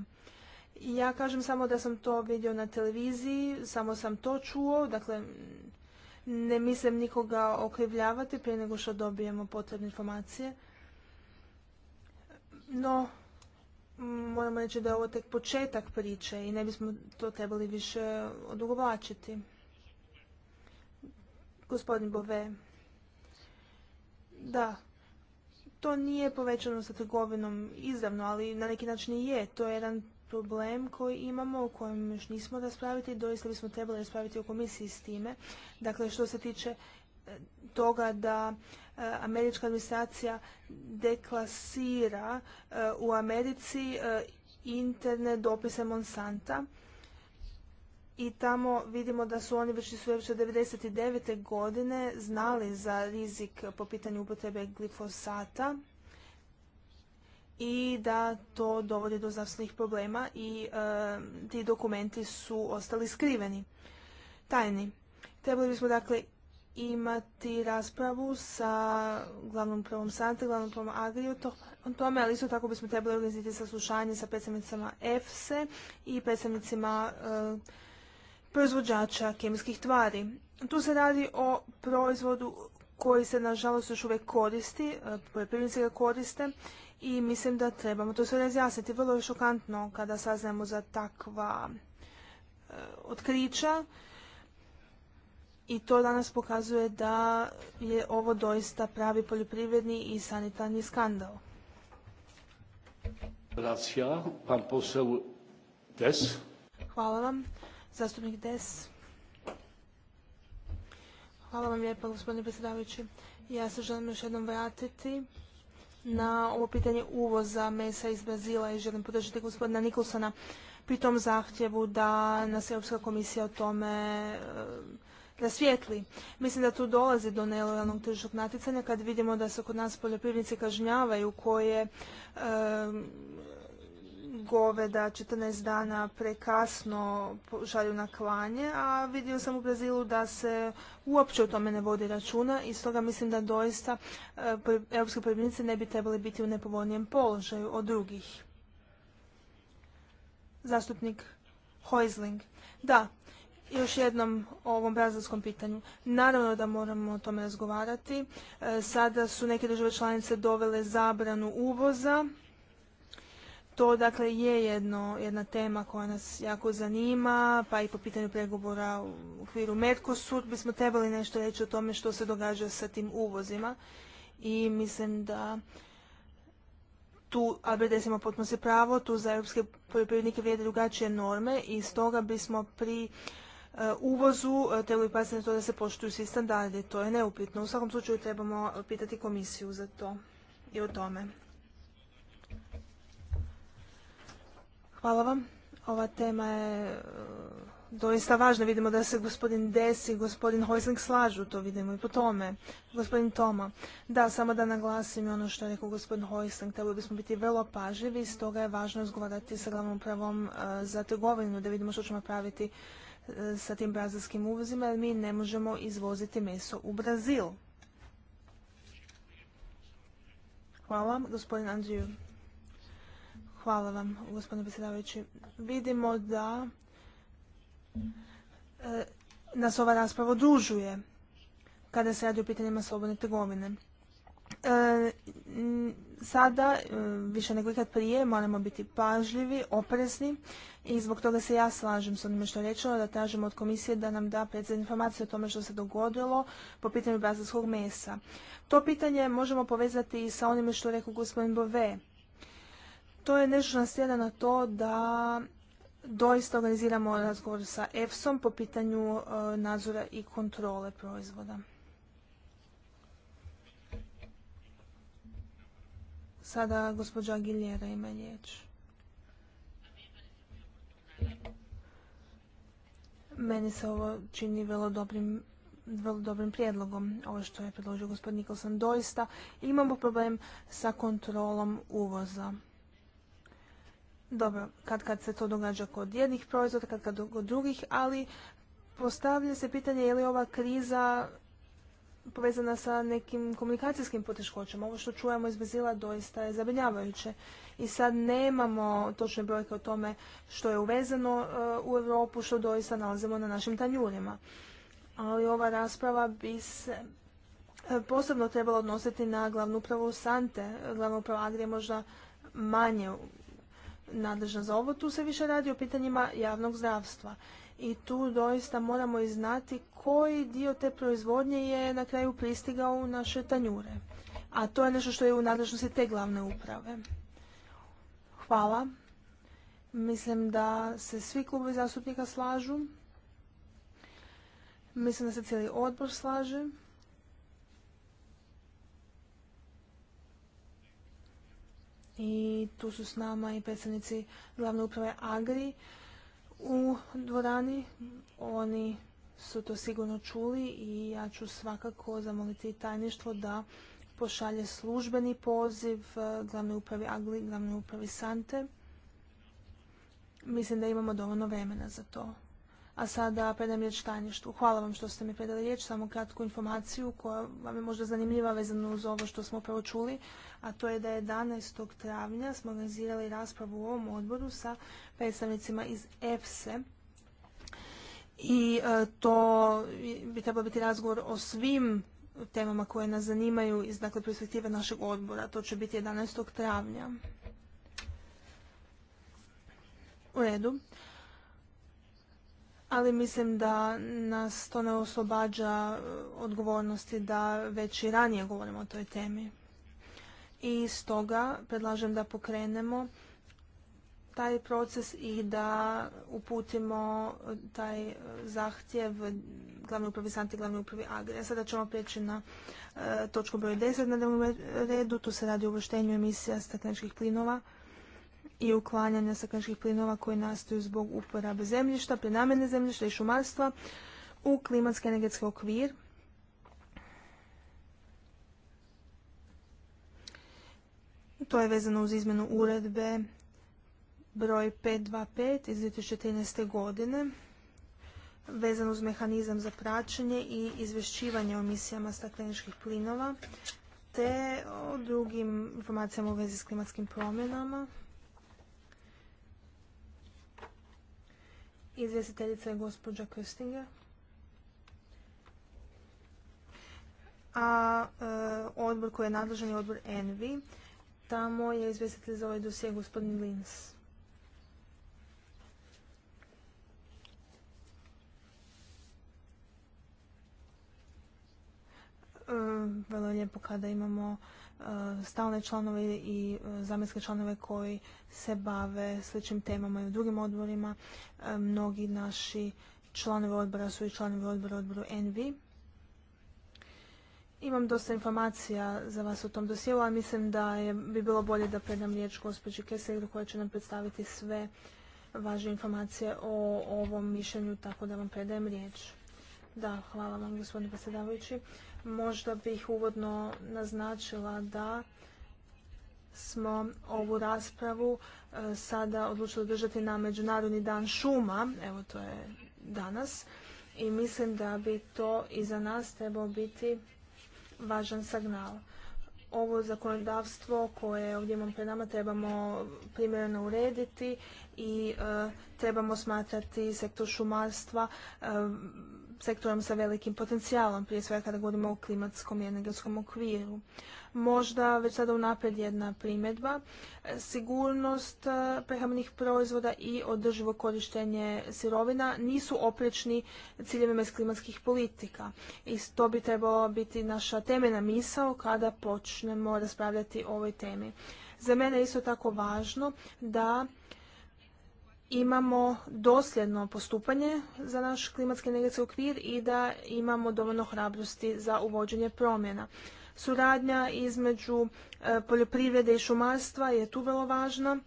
Speaker 4: Ja kažem samo da sam to vidio na televiziji, samo sam to čuo, dakle ne mislim nikoga okrivljavati prije nego što dobijemo potrebne informacije. No, moramo reći da je ovo tek početak priče i ne bismo to trebali više odugovlačiti. Gospodin Bove, da, to nije povećano sa trgovinom izravno, ali na neki način i je. To je jedan problem koji imamo, o kojem još nismo raspraviti, doista bismo trebali raspraviti o komisiji s time. Dakle, što se tiče eh, toga da Eh, američka administracija deklasira eh, u Americi eh, interne dopise Monsanta i tamo vidimo da su oni već su već od 99. godine znali za rizik po pitanju upotrebe glifosata i da to dovodi do zdravstvenih problema i ti dokumenti su ostali skriveni, tajni. Trebali bismo dakle imati raspravu sa glavnom prvom Sante, glavnom prvom Agriju o tome, ali isto tako bismo trebali organizirati saslušanje sa predstavnicama EFSE i predstavnicima e, proizvođača kemijskih tvari. Tu se radi o proizvodu koji se nažalost još uvijek koristi, e, poljoprivrednici ga koriste i mislim da trebamo to sve razjasniti. Vrlo je šokantno kada saznajemo za takva e, otkrića i to danas pokazuje da je ovo doista pravi poljoprivredni i sanitarni skandal. Hvala vam. Zastupnik Des. Hvala vam lijepo gospodine predsjedavajući. Ja se želim još jednom vratiti na ovo pitanje uvoza mesa iz Brazila i želim podržati gospodina Nikolsona pri tom zahtjevu da nas Europska komisija o tome rasvijetli. Mislim da tu dolazi do nelojalnog tržišnog natjecanja kad vidimo da se kod nas poljoprivrednici kažnjavaju koje goveda 14 dana prekasno šalju na klanje, a vidio sam u Brazilu da se uopće o tome ne vodi računa i stoga mislim da doista eh, europske poljoprivnice ne bi trebali biti u nepovoljnijem položaju od drugih. Zastupnik Hoizling. Da, još jednom o ovom brazilskom pitanju. Naravno da moramo o tome razgovarati. E, sada su neke države članice dovele zabranu uvoza. To dakle je jedno, jedna tema koja nas jako zanima, pa i po pitanju pregovora u okviru Merkosur. bismo trebali nešto reći o tome što se događa sa tim uvozima. I mislim da tu ABDS ima potpuno se pravo, tu za europske poljoprivrednike vrijede drugačije norme i stoga bismo pri E, uvozu, te paziti na to da se poštuju svi standardi. To je neupitno. U svakom slučaju trebamo pitati komisiju za to i o tome. Hvala vam. Ova tema je e, doista važna. Vidimo da se gospodin Desi i gospodin Hojsling slažu, to vidimo i po tome. Gospodin Toma, da, samo da naglasim ono što je rekao gospodin Hojsling, trebali bismo biti vrlo pažljivi, stoga je važno razgovarati sa glavnom pravom e, za trgovinu, da vidimo što ćemo praviti sa tim brazilskim uvozima jer mi ne možemo izvoziti meso u Brazil. Hvala, gospodin Andriju. Hvala vam, gospodine predsjedavajući. Vidimo da e, nas ova rasprava odužuje kada se radi o pitanjima slobodne trgovine. E, sada, e, više nego ikad prije, moramo biti pažljivi, oprezni i zbog toga se ja slažem s onime što je rečeno da tražimo od komisije da nam da precizne informacije o tome što se dogodilo po pitanju brazilskog mesa. To pitanje možemo povezati i sa onime što je rekao gospodin Bove. To je nešto nas na to da doista organiziramo razgovor sa EFSOM po pitanju e, nadzora i kontrole proizvoda. Sada gospođa Aguilera ima riječ. Meni se ovo čini vrlo dobrim vrlo dobrim prijedlogom, ovo što je predložio gospodin Nikolson, doista imamo problem sa kontrolom uvoza. Dobro, kad kad se to događa kod jednih proizvoda, kad kad kod drugih, ali postavlja se pitanje je li ova kriza povezana sa nekim komunikacijskim poteškoćama. Ovo što čujemo iz Brazila doista je zabrinjavajuće. I sad nemamo točne brojke o tome što je uvezano uh, u Europu, što doista nalazimo na našim tanjurima. Ali ova rasprava bi se uh, posebno trebala odnositi na glavnu upravu Sante. Glavna uprava Agrije možda manje nadležna za ovo. Tu se više radi o pitanjima javnog zdravstva i tu doista moramo i znati koji dio te proizvodnje je na kraju pristigao u naše tanjure. A to je nešto što je u nadležnosti te glavne uprave. Hvala. Mislim da se svi klubovi zastupnika slažu. Mislim da se cijeli odbor slaže. I tu su s nama i predstavnici glavne uprave Agri u dvorani. Oni su to sigurno čuli i ja ću svakako zamoliti tajništvo da pošalje službeni poziv e, glavne upravi Agli, glavne upravi Sante. Mislim da imamo dovoljno vremena za to. A sada predajem riječ tajništvu. Hvala vam što ste mi predali riječ, samo kratku informaciju koja vam je možda zanimljiva vezano uz ovo što smo upravo čuli, a to je da je 11. travnja smo organizirali raspravu u ovom odboru sa predstavnicima iz EFSE, i e, to bi trebalo biti razgovor o svim temama koje nas zanimaju iz dakle, perspektive našeg odbora. To će biti 11. travnja. U redu ali mislim da nas to ne oslobađa eh, odgovornosti da već i ranije govorimo o toj temi. I stoga predlažem da pokrenemo taj proces i da uputimo eh, taj eh, zahtjev glavni upravi Santi, glavni upravi Agri. sada ćemo prijeći na točku broj 10 na dnevnom redu. Tu se radi o uvrštenju emisija stakleničkih plinova i uklanjanja stakleničkih plinova koji nastaju zbog uporabe zemljišta, prenamjene zemljišta i šumarstva u klimatski energetski okvir To je vezano uz izmjenu uredbe broj 525 iz 2013. godine vezano uz mehanizam za praćenje i izvješćivanje o emisijama stakleničkih plinova te o drugim informacijama u vezi s klimatskim promjenama. Izvjestiteljica je gospođa Köstinger. A e, odbor koji je nadležan je odbor Envi. Tamo je izvjestitelj za ovaj dosje gospodin Lins. E, vrlo je lijepo kada imamo E, stalne članove i e, zamjenske članove koji se bave sličnim temama i u drugim odborima. E, mnogi naši članovi odbora su i članovi odbora odboru NV. Imam dosta informacija za vas o tom dosjeu, ali mislim da je, bi bilo bolje da predam riječ gospođi Kesegru koja će nam predstaviti sve važne informacije o ovom mišljenju, tako da vam predajem riječ. Da, hvala vam gospodine predsjedavajući. Možda bih uvodno naznačila da smo ovu raspravu e, sada odlučili održati na Međunarodni dan šuma, evo to je danas, i mislim da bi to i za nas trebao biti važan signal. Ovo zakonodavstvo koje ovdje imam pred nama trebamo primjerno urediti i e, trebamo smatrati sektor šumarstva e, sektorom sa velikim potencijalom, prije svega kada govorimo o klimatskom i energetskom okviru. Možda već sada unaprijed jedna primjedba, sigurnost e, prehrambenih proizvoda i održivo korištenje sirovina nisu oprečni ciljevima iz klimatskih politika. I to bi trebalo biti naša temena misao kada počnemo raspravljati o ovoj temi. Za mene je isto tako važno da imamo dosljedno postupanje za naš klimatski energetski okvir i da imamo dovoljno hrabrosti za uvođenje promjena. Suradnja između e, poljoprivrede i šumarstva je tu vrlo važna.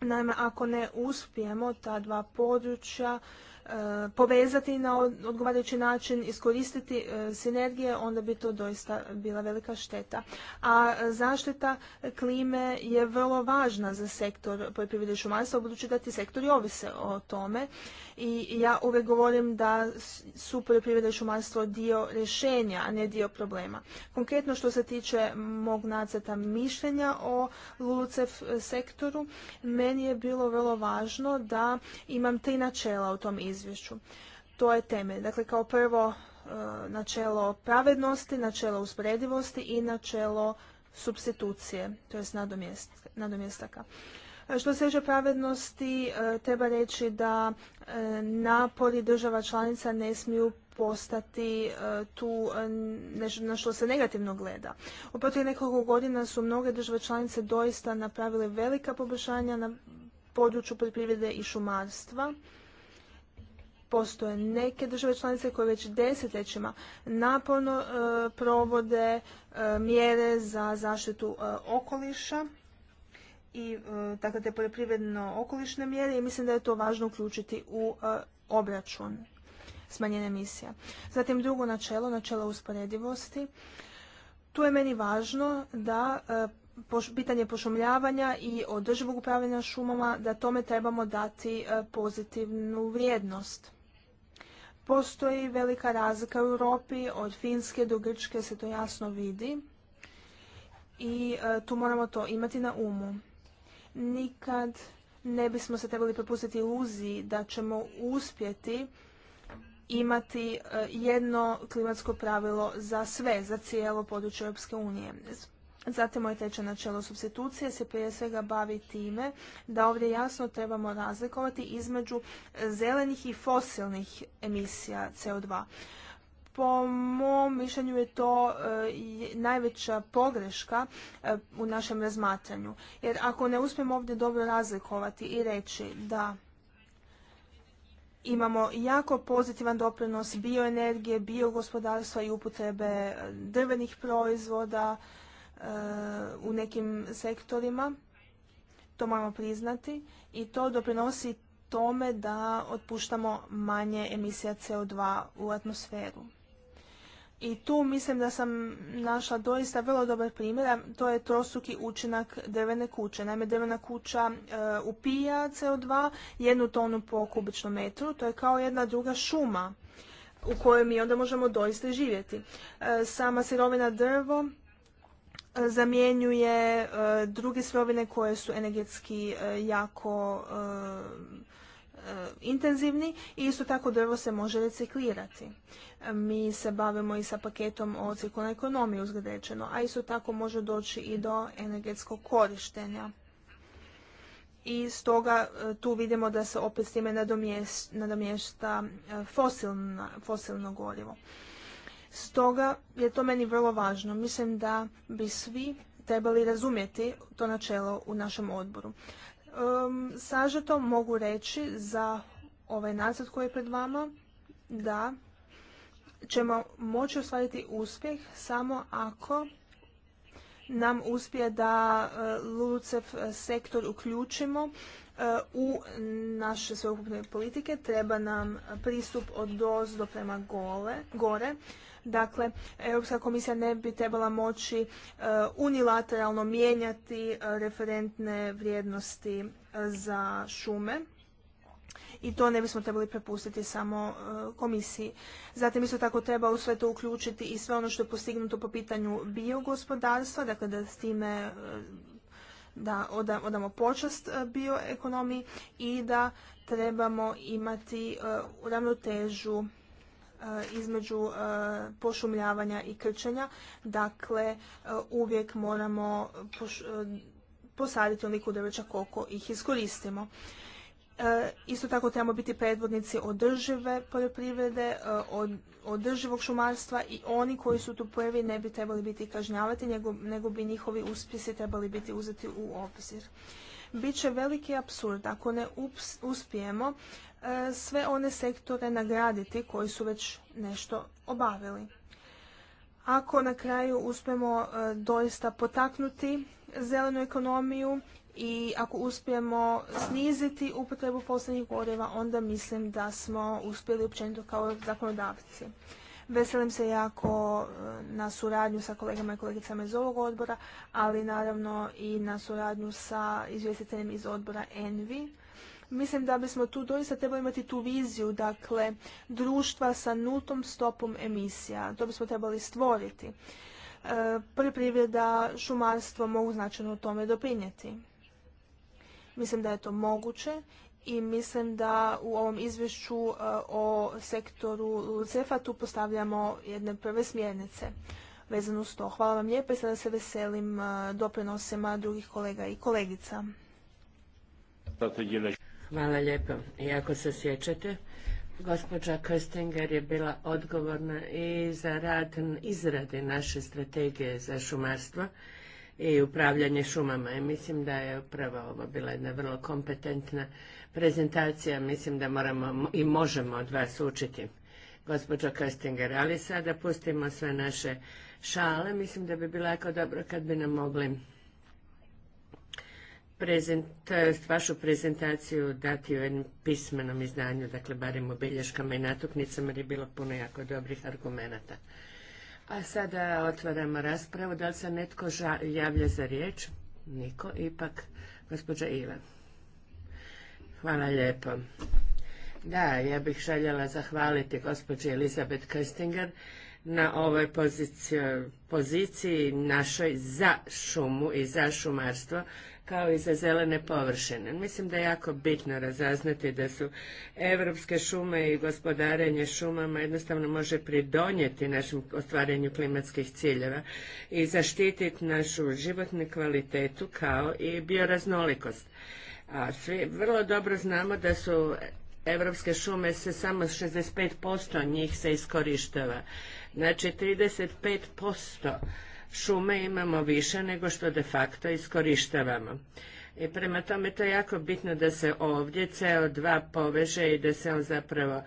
Speaker 4: Naime, ako ne uspijemo ta dva područja povezati na odgovarajući način, iskoristiti e, sinergije, onda bi to doista bila velika šteta. A e, zaštita klime je vrlo važna za sektor poljoprivrede i šumarstva, budući da ti sektori ovise o tome. I ja uvijek govorim da su poljoprivreda i šumarstvo dio rješenja, a ne dio problema. Konkretno što se tiče mog nacrta mišljenja o LULUCEF e, sektoru, meni je bilo vrlo važno da imam tri načela u tom iz izvješću. To je temelj. Dakle, kao prvo e, načelo pravednosti, načelo usporedivosti i načelo substitucije, to je nadomjestaka. E, što se tiče pravednosti, e, treba reći da napori država članica ne smiju postati tu na što se negativno gleda. U protiv nekoliko godina su mnoge države članice doista napravile velika poboljšanja na području poljoprivrede i šumarstva Postoje neke države članice koje već desetljećima naporno e, provode e, mjere za zaštitu e, okoliša i dakle te poljoprivredno okolišne mjere i mislim da je to važno uključiti u obračun smanjene emisija. Zatim drugo načelo, načelo usporedivosti. Tu je meni važno da pitanje pošumljavanja i održivog upravljanja šumama, da tome trebamo dati pozitivnu vrijednost. Postoji velika razlika u Europi, od Finske do Grčke se to jasno vidi i e, tu moramo to imati na umu. Nikad ne bismo se trebali prepustiti iluziji da ćemo uspjeti imati e, jedno klimatsko pravilo za sve, za cijelo područje Europske unije. Zatim moje treće načelo substitucije se prije svega bavi time da ovdje jasno trebamo razlikovati između zelenih i fosilnih emisija CO2. Po mom mišljenju je to e, najveća pogreška e, u našem razmatranju. Jer ako ne uspijemo ovdje dobro razlikovati i reći da imamo jako pozitivan doprinos bioenergije, biogospodarstva i upotrebe drvenih proizvoda, u nekim sektorima, to moramo priznati, i to doprinosi tome da otpuštamo manje emisija CO2 u atmosferu. I tu mislim da sam našla doista vrlo dobar primjer, to je trostruki učinak drvene kuće. Naime, drvena kuća e, upija CO2 jednu tonu po kubičnom metru, to je kao jedna druga šuma u kojoj mi onda možemo doista živjeti. E, sama sirovina drvo zamjenjuje e, druge sirovine koje su energetski e, jako e, intenzivni i isto tako drvo se može reciklirati. Mi se bavimo i sa paketom o cirkulnoj ekonomiji uzgledečeno, a isto tako može doći i do energetskog korištenja. I stoga tu vidimo da se opet s time nadomješta fosilno gorivo. Stoga je to meni vrlo važno. Mislim da bi svi trebali razumjeti to načelo u našem odboru. Um, sažeto mogu reći za ovaj nacrt koji je pred vama da ćemo moći ostvariti uspjeh samo ako nam uspije da LULUCEF e, sektor uključimo e, u naše sveukupne politike. Treba nam pristup od do prema gole, gore. Dakle, Europska komisija ne bi trebala moći e, unilateralno mijenjati referentne vrijednosti za šume i to ne bismo trebali prepustiti samo e, komisiji. Zatim isto tako treba u sve to uključiti i sve ono što je postignuto po pitanju biogospodarstva, dakle da s time e, da odamo počast e, bioekonomiji i da trebamo imati ravnotežu između pošumljavanja i krčenja. Dakle, uvijek moramo posaditi toliko drveća koliko ih iskoristimo. E, isto tako trebamo biti predvodnici održive poljoprivrede, e, održivog šumarstva i oni koji su tu prvi ne bi trebali biti kažnjavati, nego, bi njihovi uspjesi trebali biti uzeti u obzir. Biće veliki absurd ako ne uspijemo e, sve one sektore nagraditi koji su već nešto obavili. Ako na kraju uspijemo doista potaknuti zelenu ekonomiju i ako uspijemo sniziti upotrebu fosilnih goriva, onda mislim da smo uspjeli općenito kao zakonodavci. Veselim se jako e, na suradnju sa kolegama i kolegicama iz ovog odbora, ali naravno i na suradnju sa izvjestiteljem iz odbora ENVI. Mislim da bismo tu doista trebali imati tu viziju, dakle, društva sa nultom stopom emisija. To bismo trebali stvoriti. E, da šumarstvo mogu značajno u tome doprinijeti. Mislim da je to moguće i mislim da u ovom izvješću e, o sektoru lucef tu postavljamo jedne prve smjernice vezano uz to. Hvala vam lijepo i sada se veselim e, doprinosima drugih kolega i kolegica.
Speaker 3: Hvala lijepo. I ako se sjećate, gospođa Köstinger je bila odgovorna i za rad izrade naše strategije za šumarstvo i upravljanje šumama. I mislim da je upravo ovo bila jedna vrlo kompetentna prezentacija. Mislim da moramo i možemo od vas učiti, gospođo Köstinger. Ali sada pustimo sve naše šale. Mislim da bi bilo jako dobro kad bi nam mogli vašu prezentaciju dati u jednom pismenom izdanju, dakle barem u bilješkama i natuknicama, jer je bilo puno jako dobrih argumenata. A sada otvaramo raspravu. Da li se netko javlja za riječ? Niko. Ipak, gospođa Iva. Hvala lijepo. Da, ja bih željela zahvaliti gospođi Elizabet Köstinger na ovoj poziciji našoj za šumu i za šumarstvo kao i za zelene površine. Mislim da je jako bitno razaznati da su evropske šume i gospodarenje šumama jednostavno može pridonijeti našem ostvarenju klimatskih ciljeva i zaštititi našu životnu kvalitetu kao i bioraznolikost. A svi vrlo dobro znamo da su evropske šume se samo 65% njih se iskorištava. Znači 35% šume imamo više nego što de facto iskorištavamo. I prema tome to je jako bitno da se ovdje CO2 poveže i da se on zapravo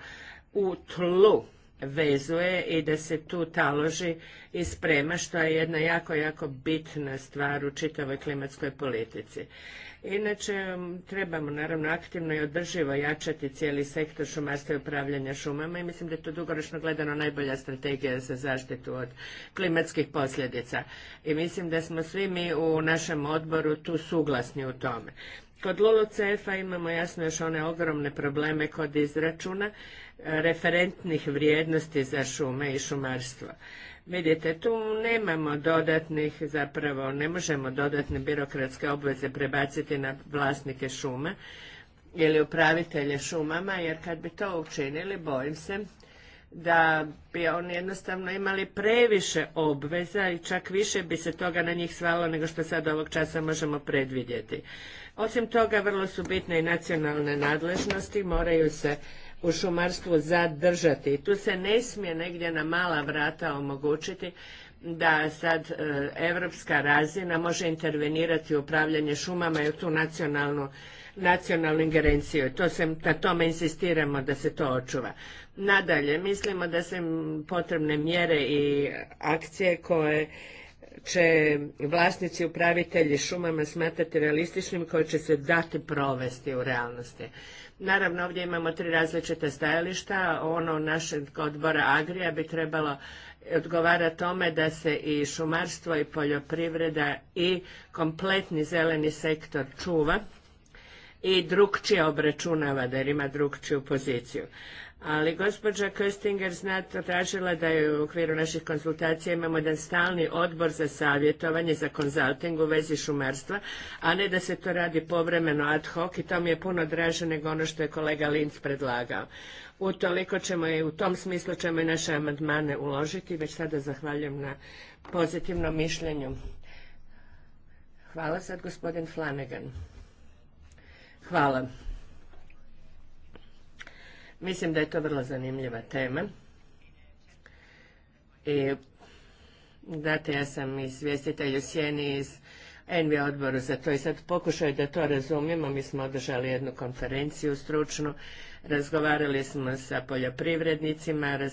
Speaker 3: u tlu vezuje i da se tu taloži i sprema, što je jedna jako, jako bitna stvar u čitavoj klimatskoj politici. Inače, trebamo naravno aktivno i održivo jačati cijeli sektor šumarstva i upravljanja šumama i mislim da je to dugoročno gledano najbolja strategija za zaštitu od klimatskih posljedica. I mislim da smo svi mi u našem odboru tu suglasni u tome. Kod LULUCF-a imamo jasno još one ogromne probleme kod izračuna referentnih vrijednosti za šume i šumarstvo. Vidite, tu nemamo dodatnih, zapravo ne možemo dodatne birokratske obveze prebaciti na vlasnike šuma ili upravitelje šumama, jer kad bi to učinili, bojim se da bi oni jednostavno imali previše obveza i čak više bi se toga na njih svalo nego što sad ovog časa možemo predvidjeti. Osim toga, vrlo su bitne i nacionalne nadležnosti, moraju se u šumarstvu zadržati. Tu se ne smije negdje na mala vrata omogućiti da sad e, evropska razina može intervenirati u upravljanje šumama i u tu nacionalnu nacionalnu ingerenciju. To se, na tome insistiramo da se to očuva. Nadalje, mislimo da se potrebne mjere i akcije koje će vlasnici upravitelji šumama smatrati realističnim koje će se dati provesti u realnosti. Naravno, ovdje imamo tri različite stajališta. Ono našeg odbora Agrija bi trebalo odgovara tome da se i šumarstvo i poljoprivreda i kompletni zeleni sektor čuva i drugčije obračunava, da ima drugčiju poziciju. Ali gospođa Köstinger znat tražila da je u okviru naših konsultacija imamo jedan stalni odbor za savjetovanje, za konzulting u vezi šumarstva, a ne da se to radi povremeno ad hoc i to mi je puno draže nego ono što je kolega Linz predlagao. Utoliko ćemo i u tom smislu ćemo i naše amandmane uložiti. Već sada zahvaljujem na pozitivnom mišljenju. Hvala sad gospodin Flanagan. Hvala. Mislim da je to vrlo zanimljiva tema. I, date, ja sam izvjestitelj u Sjeni iz NV odboru za to i sad pokušaj da to razumijemo. Mi smo održali jednu konferenciju stručnu razgovarali smo sa poljoprivrednicima,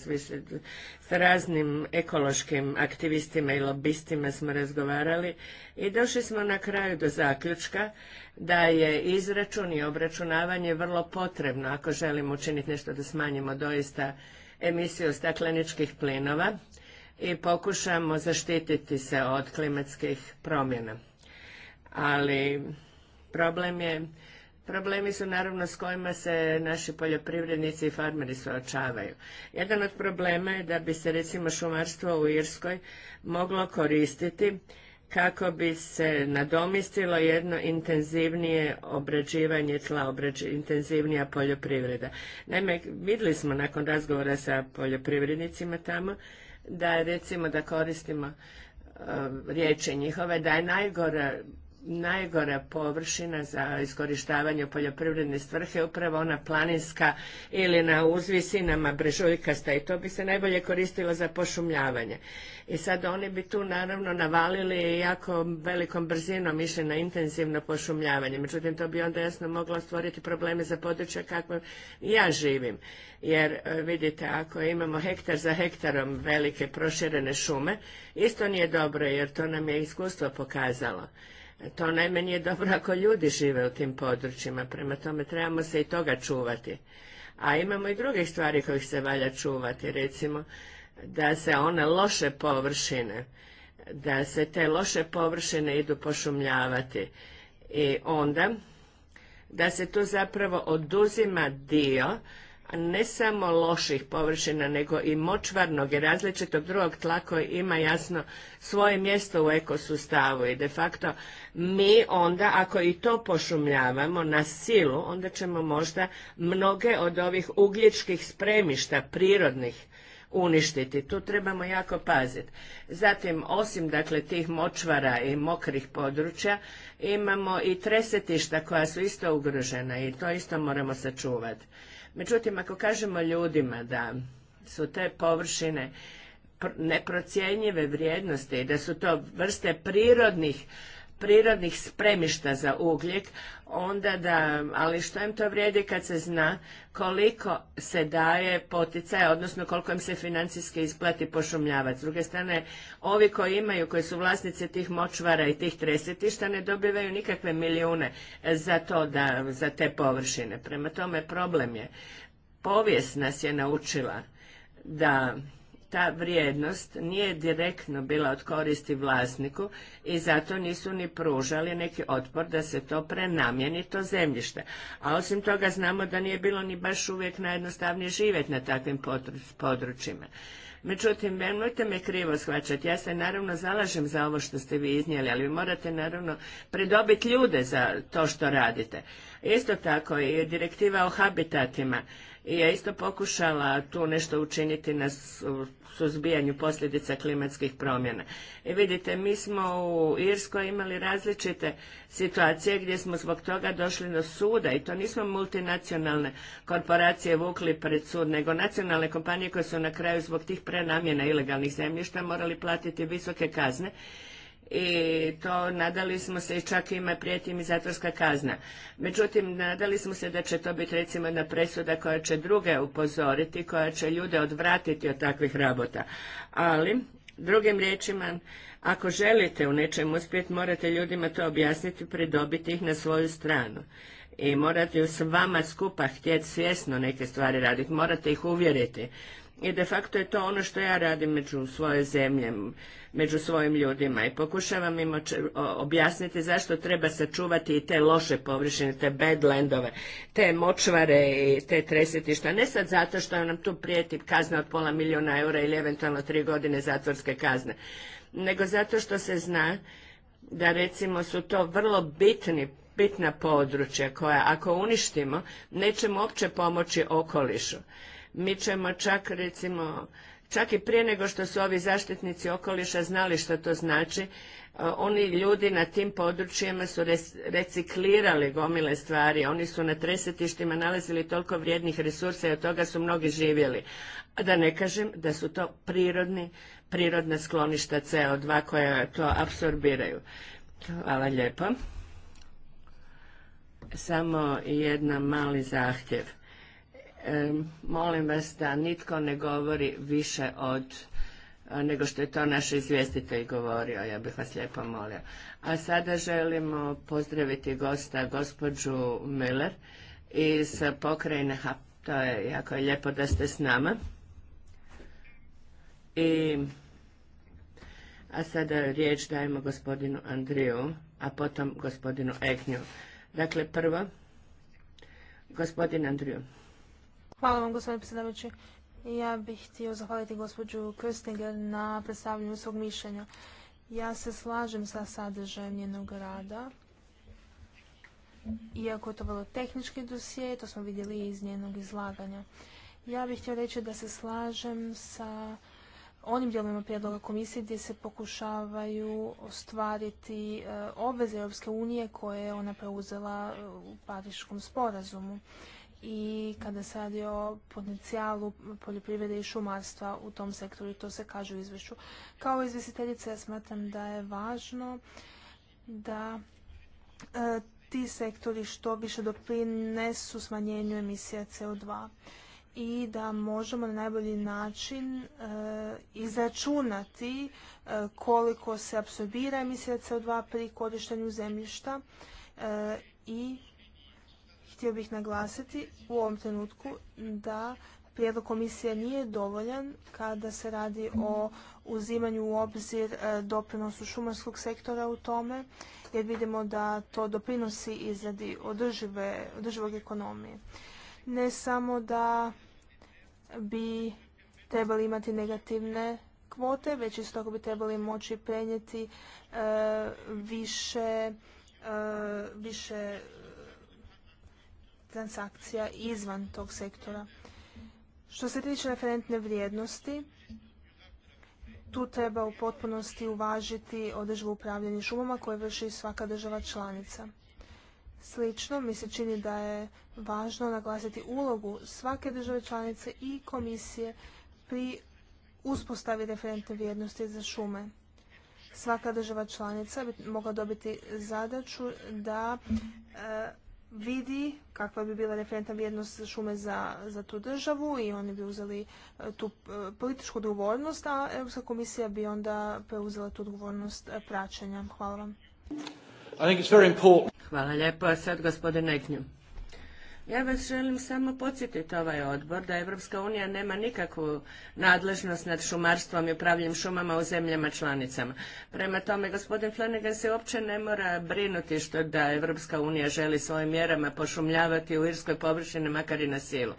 Speaker 3: sa raznim ekološkim aktivistima i lobistima smo razgovarali i došli smo na kraju do zaključka da je izračun i obračunavanje vrlo potrebno ako želimo učiniti nešto da smanjimo doista emisiju stakleničkih plinova i pokušamo zaštititi se od klimatskih promjena. Ali problem je Problemi su naravno s kojima se naši poljoprivrednici i farmeri suočavaju. Jedan od problema je da bi se recimo šumarstvo u Irskoj moglo koristiti kako bi se nadomistilo jedno intenzivnije obrađivanje tla, intenzivnija poljoprivreda. Naime, vidjeli smo nakon razgovora sa poljoprivrednicima tamo da recimo da koristimo eh, riječi njihove, da je najgora najgora površina za iskorištavanje poljoprivredne svrhe upravo ona planinska ili na uzvisinama brežuljkasta i to bi se najbolje koristilo za pošumljavanje. I sad oni bi tu naravno navalili i jako velikom brzinom išli na intenzivno pošumljavanje. Međutim, to bi onda jasno moglo stvoriti probleme za područje kako ja živim. Jer e, vidite, ako imamo hektar za hektarom velike proširene šume, isto nije dobro jer to nam je iskustvo pokazalo. To najmanje je dobro ako ljudi žive u tim područjima, prema tome trebamo se i toga čuvati. A imamo i drugih stvari kojih se valja čuvati, recimo da se one loše površine, da se te loše površine idu pošumljavati i onda da se tu zapravo oduzima dio ne samo loših površina, nego i močvarnog i različitog drugog tla koji ima jasno svoje mjesto u ekosustavu i de facto mi onda ako i to pošumljavamo na silu, onda ćemo možda mnoge od ovih ugljičkih spremišta prirodnih uništiti. Tu trebamo jako paziti. Zatim, osim dakle tih močvara i mokrih područja, imamo i tresetišta koja su isto ugrožena i to isto moramo sačuvati. Međutim, ako kažemo ljudima da su te površine neprocjenjive vrijednosti i da su to vrste prirodnih prirodnih spremišta za ugljik, onda da, ali što im to vrijedi kad se zna koliko se daje poticaja, odnosno koliko im se financijski isplati pošumljavati S druge strane, ovi koji imaju, koji su vlasnici tih močvara i tih tresetišta, ne dobivaju nikakve milijune za to, da, za te površine. Prema tome, problem je. Povijest nas je naučila da ta vrijednost nije direktno bila od koristi vlasniku i zato nisu ni pružali neki otpor da se to prenamjeni to zemljište. A osim toga znamo da nije bilo ni baš uvijek najjednostavnije živjeti na takvim područjima. Međutim, nemojte me krivo shvaćati, ja se naravno zalažem za ovo što ste vi iznijeli, ali vi morate naravno predobiti ljude za to što radite. Isto tako je direktiva o habitatima i ja isto pokušala tu nešto učiniti na suzbijanju posljedica klimatskih promjena. I e, vidite, mi smo u Irskoj imali različite situacije gdje smo zbog toga došli do suda i to nismo multinacionalne korporacije vukli pred sud, nego nacionalne kompanije koje su na kraju zbog tih prenamjena ilegalnih zemljišta morali platiti visoke kazne i to nadali smo se i čak ima prijeti mi zatvorska kazna. Međutim, nadali smo se da će to biti recimo jedna presuda koja će druge upozoriti, koja će ljude odvratiti od takvih rabota. Ali, drugim riječima, ako želite u nečem uspjeti, morate ljudima to objasniti, pridobiti ih na svoju stranu. I morate s vama skupa htjeti svjesno neke stvari raditi, morate ih uvjeriti i de facto je to ono što ja radim među svoje zemlje, među svojim ljudima i pokušavam im objasniti zašto treba sačuvati i te loše površine, te landove, te močvare i te tresetišta. Ne sad zato što nam tu prijeti kazna od pola milijuna eura ili eventualno tri godine zatvorske kazne, nego zato što se zna da recimo su to vrlo bitni bitna područja koja ako uništimo nećemo uopće pomoći okolišu. Mi ćemo čak recimo, čak i prije nego što su ovi zaštitnici okoliša znali što to znači, e, oni ljudi na tim područjima su reciklirali gomile stvari, oni su na tresetištima nalazili toliko vrijednih resursa i od toga su mnogi živjeli. A da ne kažem da su to prirodni, prirodna skloništa CO2 koja to apsorbiraju. Hvala lijepo. Samo jedan mali zahtjev molim vas da nitko ne govori više od nego što je to naš izvjestitelj govorio, ja bih vas lijepo molio. A sada želimo pozdraviti gosta, gospođu Miller iz pokrajine HAP. To je jako lijepo da ste s nama. I, a sada riječ dajemo gospodinu Andriju, a potom gospodinu Eknju. Dakle, prvo, gospodin Andriju.
Speaker 4: Hvala vam, gospodine predsjedavajući. Ja bih htio zahvaliti gospođu Köstinger na predstavljanju svog mišljenja. Ja se slažem sa sadržajem njenog rada. Iako je to vrlo tehnički dosije, to smo vidjeli iz njenog izlaganja. Ja bih htio reći da se slažem sa onim dijelovima prijedloga komisije gdje se pokušavaju ostvariti e, obveze Europske unije koje je ona preuzela e, u Pariškom sporazumu i kada se radi o potencijalu poljoprivrede i šumarstva u tom sektoru i to se kaže u izvješću. Kao izvjestiteljica ja smatram da je važno da e, ti sektori što više doprinesu smanjenju emisija CO2 i da možemo na najbolji način e, izračunati e, koliko se apsorbira emisija CO2 pri korištenju zemljišta i Htio bih naglasiti u ovom trenutku da prijedlog komisije nije dovoljan kada se radi o uzimanju u obzir e, doprinosu šumarskog sektora u tome, jer vidimo da to doprinosi izradi održive, održivog ekonomije. Ne samo da bi trebali imati negativne kvote, već isto tako bi trebali moći prenijeti e, više, e, više transakcija izvan tog sektora. Što se tiče referentne vrijednosti, tu treba u potpunosti uvažiti održivo upravljanje šumama koje vrši svaka država članica. Slično mi se čini da je važno naglasiti ulogu svake države članice i komisije pri uspostavi referentne vrijednosti za šume. Svaka država članica bi mogla dobiti zadaću da e, vidi kakva bi bila referentna vrijednost šume za, tu državu i oni bi uzeli e, tu e, političku odgovornost, a Europska komisija bi onda preuzela tu odgovornost e, praćenja. Hvala vam.
Speaker 3: I Hvala lijepo. sad gospodin ja vas želim samo podsjetiti ovaj odbor da Evropska unija nema nikakvu nadležnost nad šumarstvom i upravljanjem šumama u zemljama članicama. Prema tome, gospodin Flanagan se uopće ne mora brinuti što da Evropska unija želi svojim mjerama pošumljavati u Irskoj površini makar i na silu.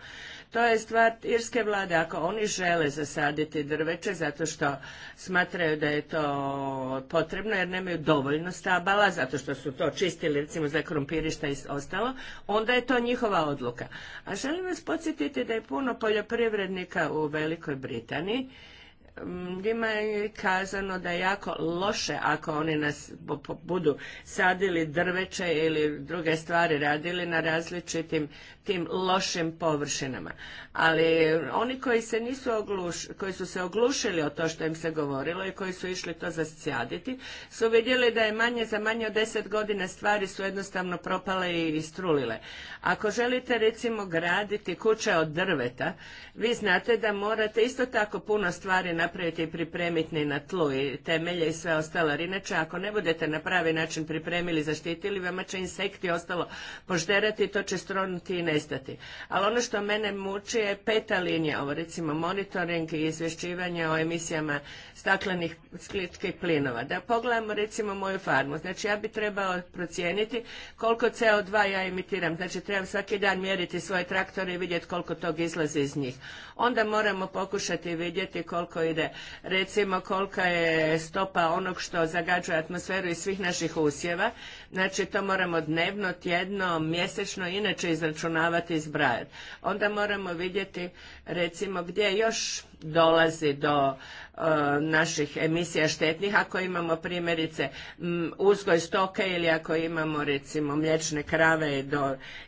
Speaker 3: To je stvar irske vlade. Ako oni žele zasaditi drveće zato što smatraju da je to potrebno jer nemaju dovoljno stabala, zato što su to čistili recimo za krumpirišta i ostalo, onda je to njihova odluka. A želim vas podsjetiti da je puno poljoprivrednika u Velikoj Britaniji Mm, njima je kazano da je jako loše ako oni nas budu sadili drveće ili druge stvari radili na različitim tim lošim površinama. Ali oni koji se nisu ogluš, koji su se oglušili o to što im se govorilo i koji su išli to zasjaditi, su vidjeli da je manje za manje od deset godina stvari su jednostavno propale i istrulile. Ako želite recimo graditi kuće od drveta, vi znate da morate isto tako puno stvari napraviti napraviti i pripremiti ni na tlu i temelje i sve ostalo. inače, ako ne budete na pravi način pripremili, zaštitili, vama će insekti ostalo požderati, to će stronuti i nestati. Ali ono što mene muči je peta linija, ovo recimo monitoring i izvješćivanje o emisijama staklenih sklitkih plinova. Da pogledamo recimo moju farmu, znači ja bi trebao procijeniti koliko CO2 ja emitiram, znači trebam svaki dan mjeriti svoje traktore i vidjeti koliko tog izlazi iz njih. Onda moramo pokušati vidjeti koliko ide recimo kolika je stopa onog što zagađuje atmosferu iz svih naših usjeva. Znači to moramo dnevno, tjedno, mjesečno inače izračunavati i zbrajati. Onda moramo vidjeti recimo gdje još dolazi do E, naših emisija štetnih, ako imamo primjerice uzgoj stoke ili ako imamo recimo mliječne krave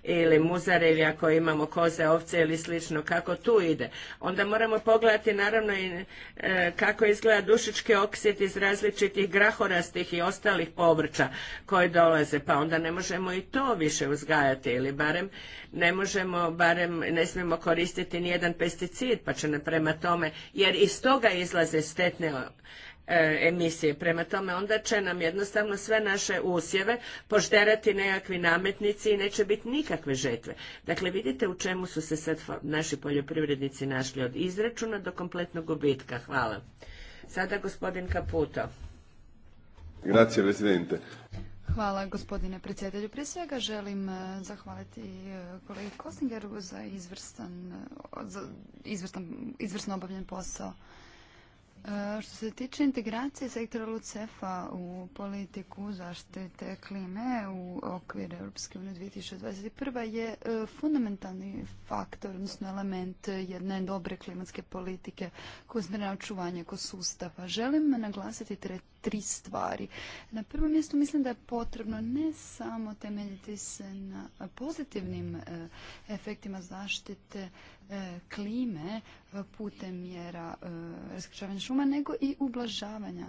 Speaker 3: ili muzare ili ako imamo koze, ovce ili slično, kako tu ide. Onda moramo pogledati naravno i e, kako izgleda dušički oksid iz različitih grahorastih i ostalih povrća koji dolaze, pa onda ne možemo i to više uzgajati ili barem ne možemo, barem ne smijemo koristiti nijedan pesticid, pa će ne prema tome, jer iz toga izlaze stetne e, emisije. Prema tome, onda će nam jednostavno sve naše usjeve pošterati nekakvi nametnici i neće biti nikakve žetve. Dakle, vidite u čemu su se sad naši poljoprivrednici našli od izračuna do kompletnog gubitka. Hvala. Sada gospodin Caputo. Grazie, Presidente.
Speaker 2: Hvala gospodine predsjedatelju. Prije svega želim e, zahvaliti e, kolegi Kostingeru e, za izvrstan, izvrsno obavljen posao. Što se tiče integracije sektora Lucefa u politiku zaštite klime u okviru Europske unije 2021. je fundamentalni faktor, odnosno element jedne dobre klimatske politike koje usmjera očuvanje sustava. Želim naglasiti tri stvari. Na prvom mjestu mislim da je potrebno ne samo temeljiti se na pozitivnim e, efektima zaštite e, klime e, putem mjera šuma, nego i ublažavanja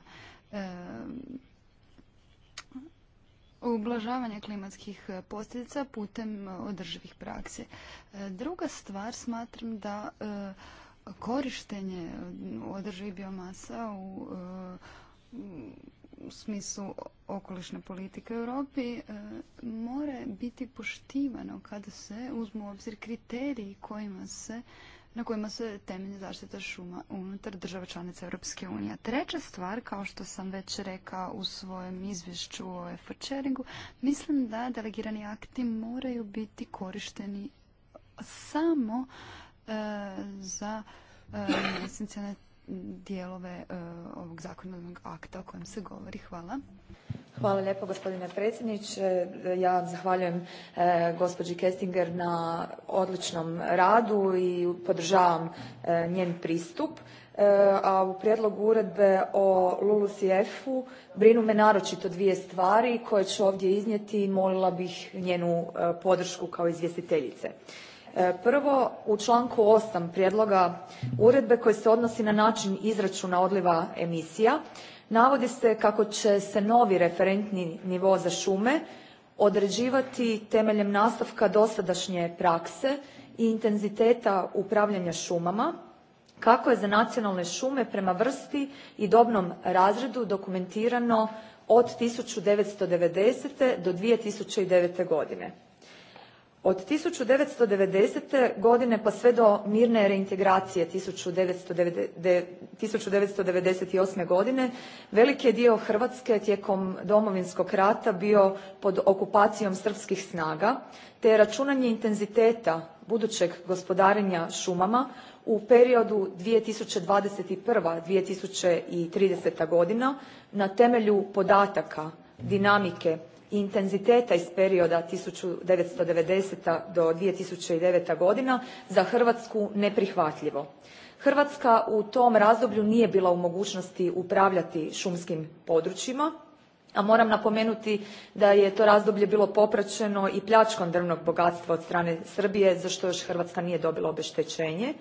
Speaker 2: ublažavanja klimatskih posljedica putem održivih prakse. Druga stvar, smatram da korištenje održivih biomasa u u smislu okolišne politike u Europi e, mora biti poštivano kada se uzmu u obzir kriteriji kojima se na kojima se temelji zaštita šuma unutar država članica Europske unije. Treća stvar, kao što sam već rekao u svojem izvješću o fo mislim da delegirani akti moraju biti korišteni samo e, za e, esencijalne dijelove e, ovog zakonodavnog akta o kojem se govori. Hvala.
Speaker 5: Hvala lijepo gospodine predsjedniče. Ja zahvaljujem e, gospođi Kestinger na odličnom radu i podržavam e, njen pristup. a u prijedlogu uredbe o LULUCF-u brinu me naročito dvije stvari koje ću ovdje iznijeti i molila bih njenu podršku kao izvjestiteljice. E, prvo, u članku 8. prijedloga uredbe koji se odnosi na način izračuna odliva emisija navodi se kako će se novi referentni nivo za šume određivati temeljem nastavka dosadašnje prakse i intenziteta upravljanja šumama kako je za nacionalne šume prema vrsti i dobnom razredu dokumentirano od 1990. do 2009. godine. Od 1990. godine pa sve do mirne reintegracije 1998. godine veliki je dio Hrvatske tijekom Domovinskog rata bio pod okupacijom srpskih snaga te je računanje intenziteta budućeg gospodarenja šumama u periodu 2021.-2030. godina na temelju podataka dinamike intenziteta iz perioda 1990. do 2009. godina za Hrvatsku neprihvatljivo. Hrvatska u tom razdoblju nije bila u mogućnosti upravljati šumskim područjima, a moram napomenuti da je to razdoblje bilo popraćeno i pljačkom drvnog bogatstva od strane Srbije za što još Hrvatska nije dobila obeštećenje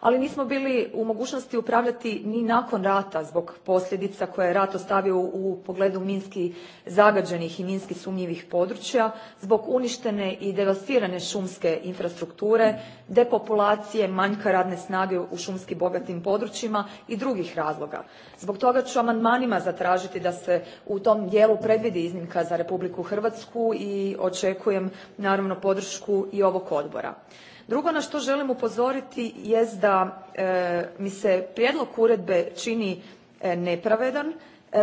Speaker 5: ali nismo bili u mogućnosti upravljati ni nakon rata zbog posljedica koje je rat ostavio u pogledu minski zagađenih i minski sumnjivih područja, zbog uništene i devastirane šumske infrastrukture, depopulacije, manjka radne snage u šumski bogatim područjima i drugih razloga. Zbog toga ću amandmanima zatražiti da se u tom dijelu predvidi iznimka za Republiku Hrvatsku i očekujem naravno podršku i ovog odbora. Drugo na što želim upozoriti jest da e, mi se prijedlog uredbe čini e, nepravedan e,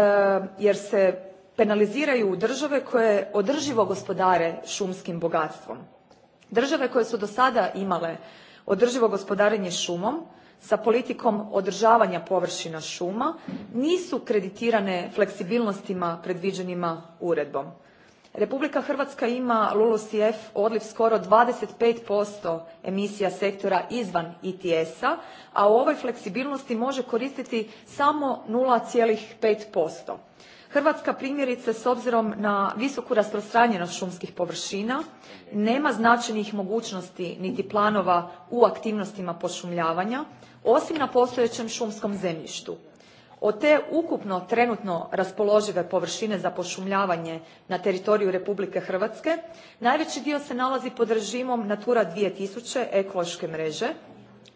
Speaker 5: jer se penaliziraju države koje održivo gospodare šumskim bogatstvom. Države koje su do sada imale održivo gospodarenje šumom sa politikom održavanja površina šuma nisu kreditirane fleksibilnostima predviđenima uredbom. Republika Hrvatska ima LULUCF odliv skoro 25% emisija sektora izvan ETS-a, a u ovoj fleksibilnosti može koristiti samo 0,5%. Hrvatska primjerice s obzirom na visoku rasprostranjenost šumskih površina nema značajnih mogućnosti niti planova u aktivnostima pošumljavanja osim na postojećem šumskom zemljištu. Od te ukupno trenutno raspoložive površine za pošumljavanje na teritoriju Republike Hrvatske najveći dio se nalazi pod režimom Natura 2000 ekološke mreže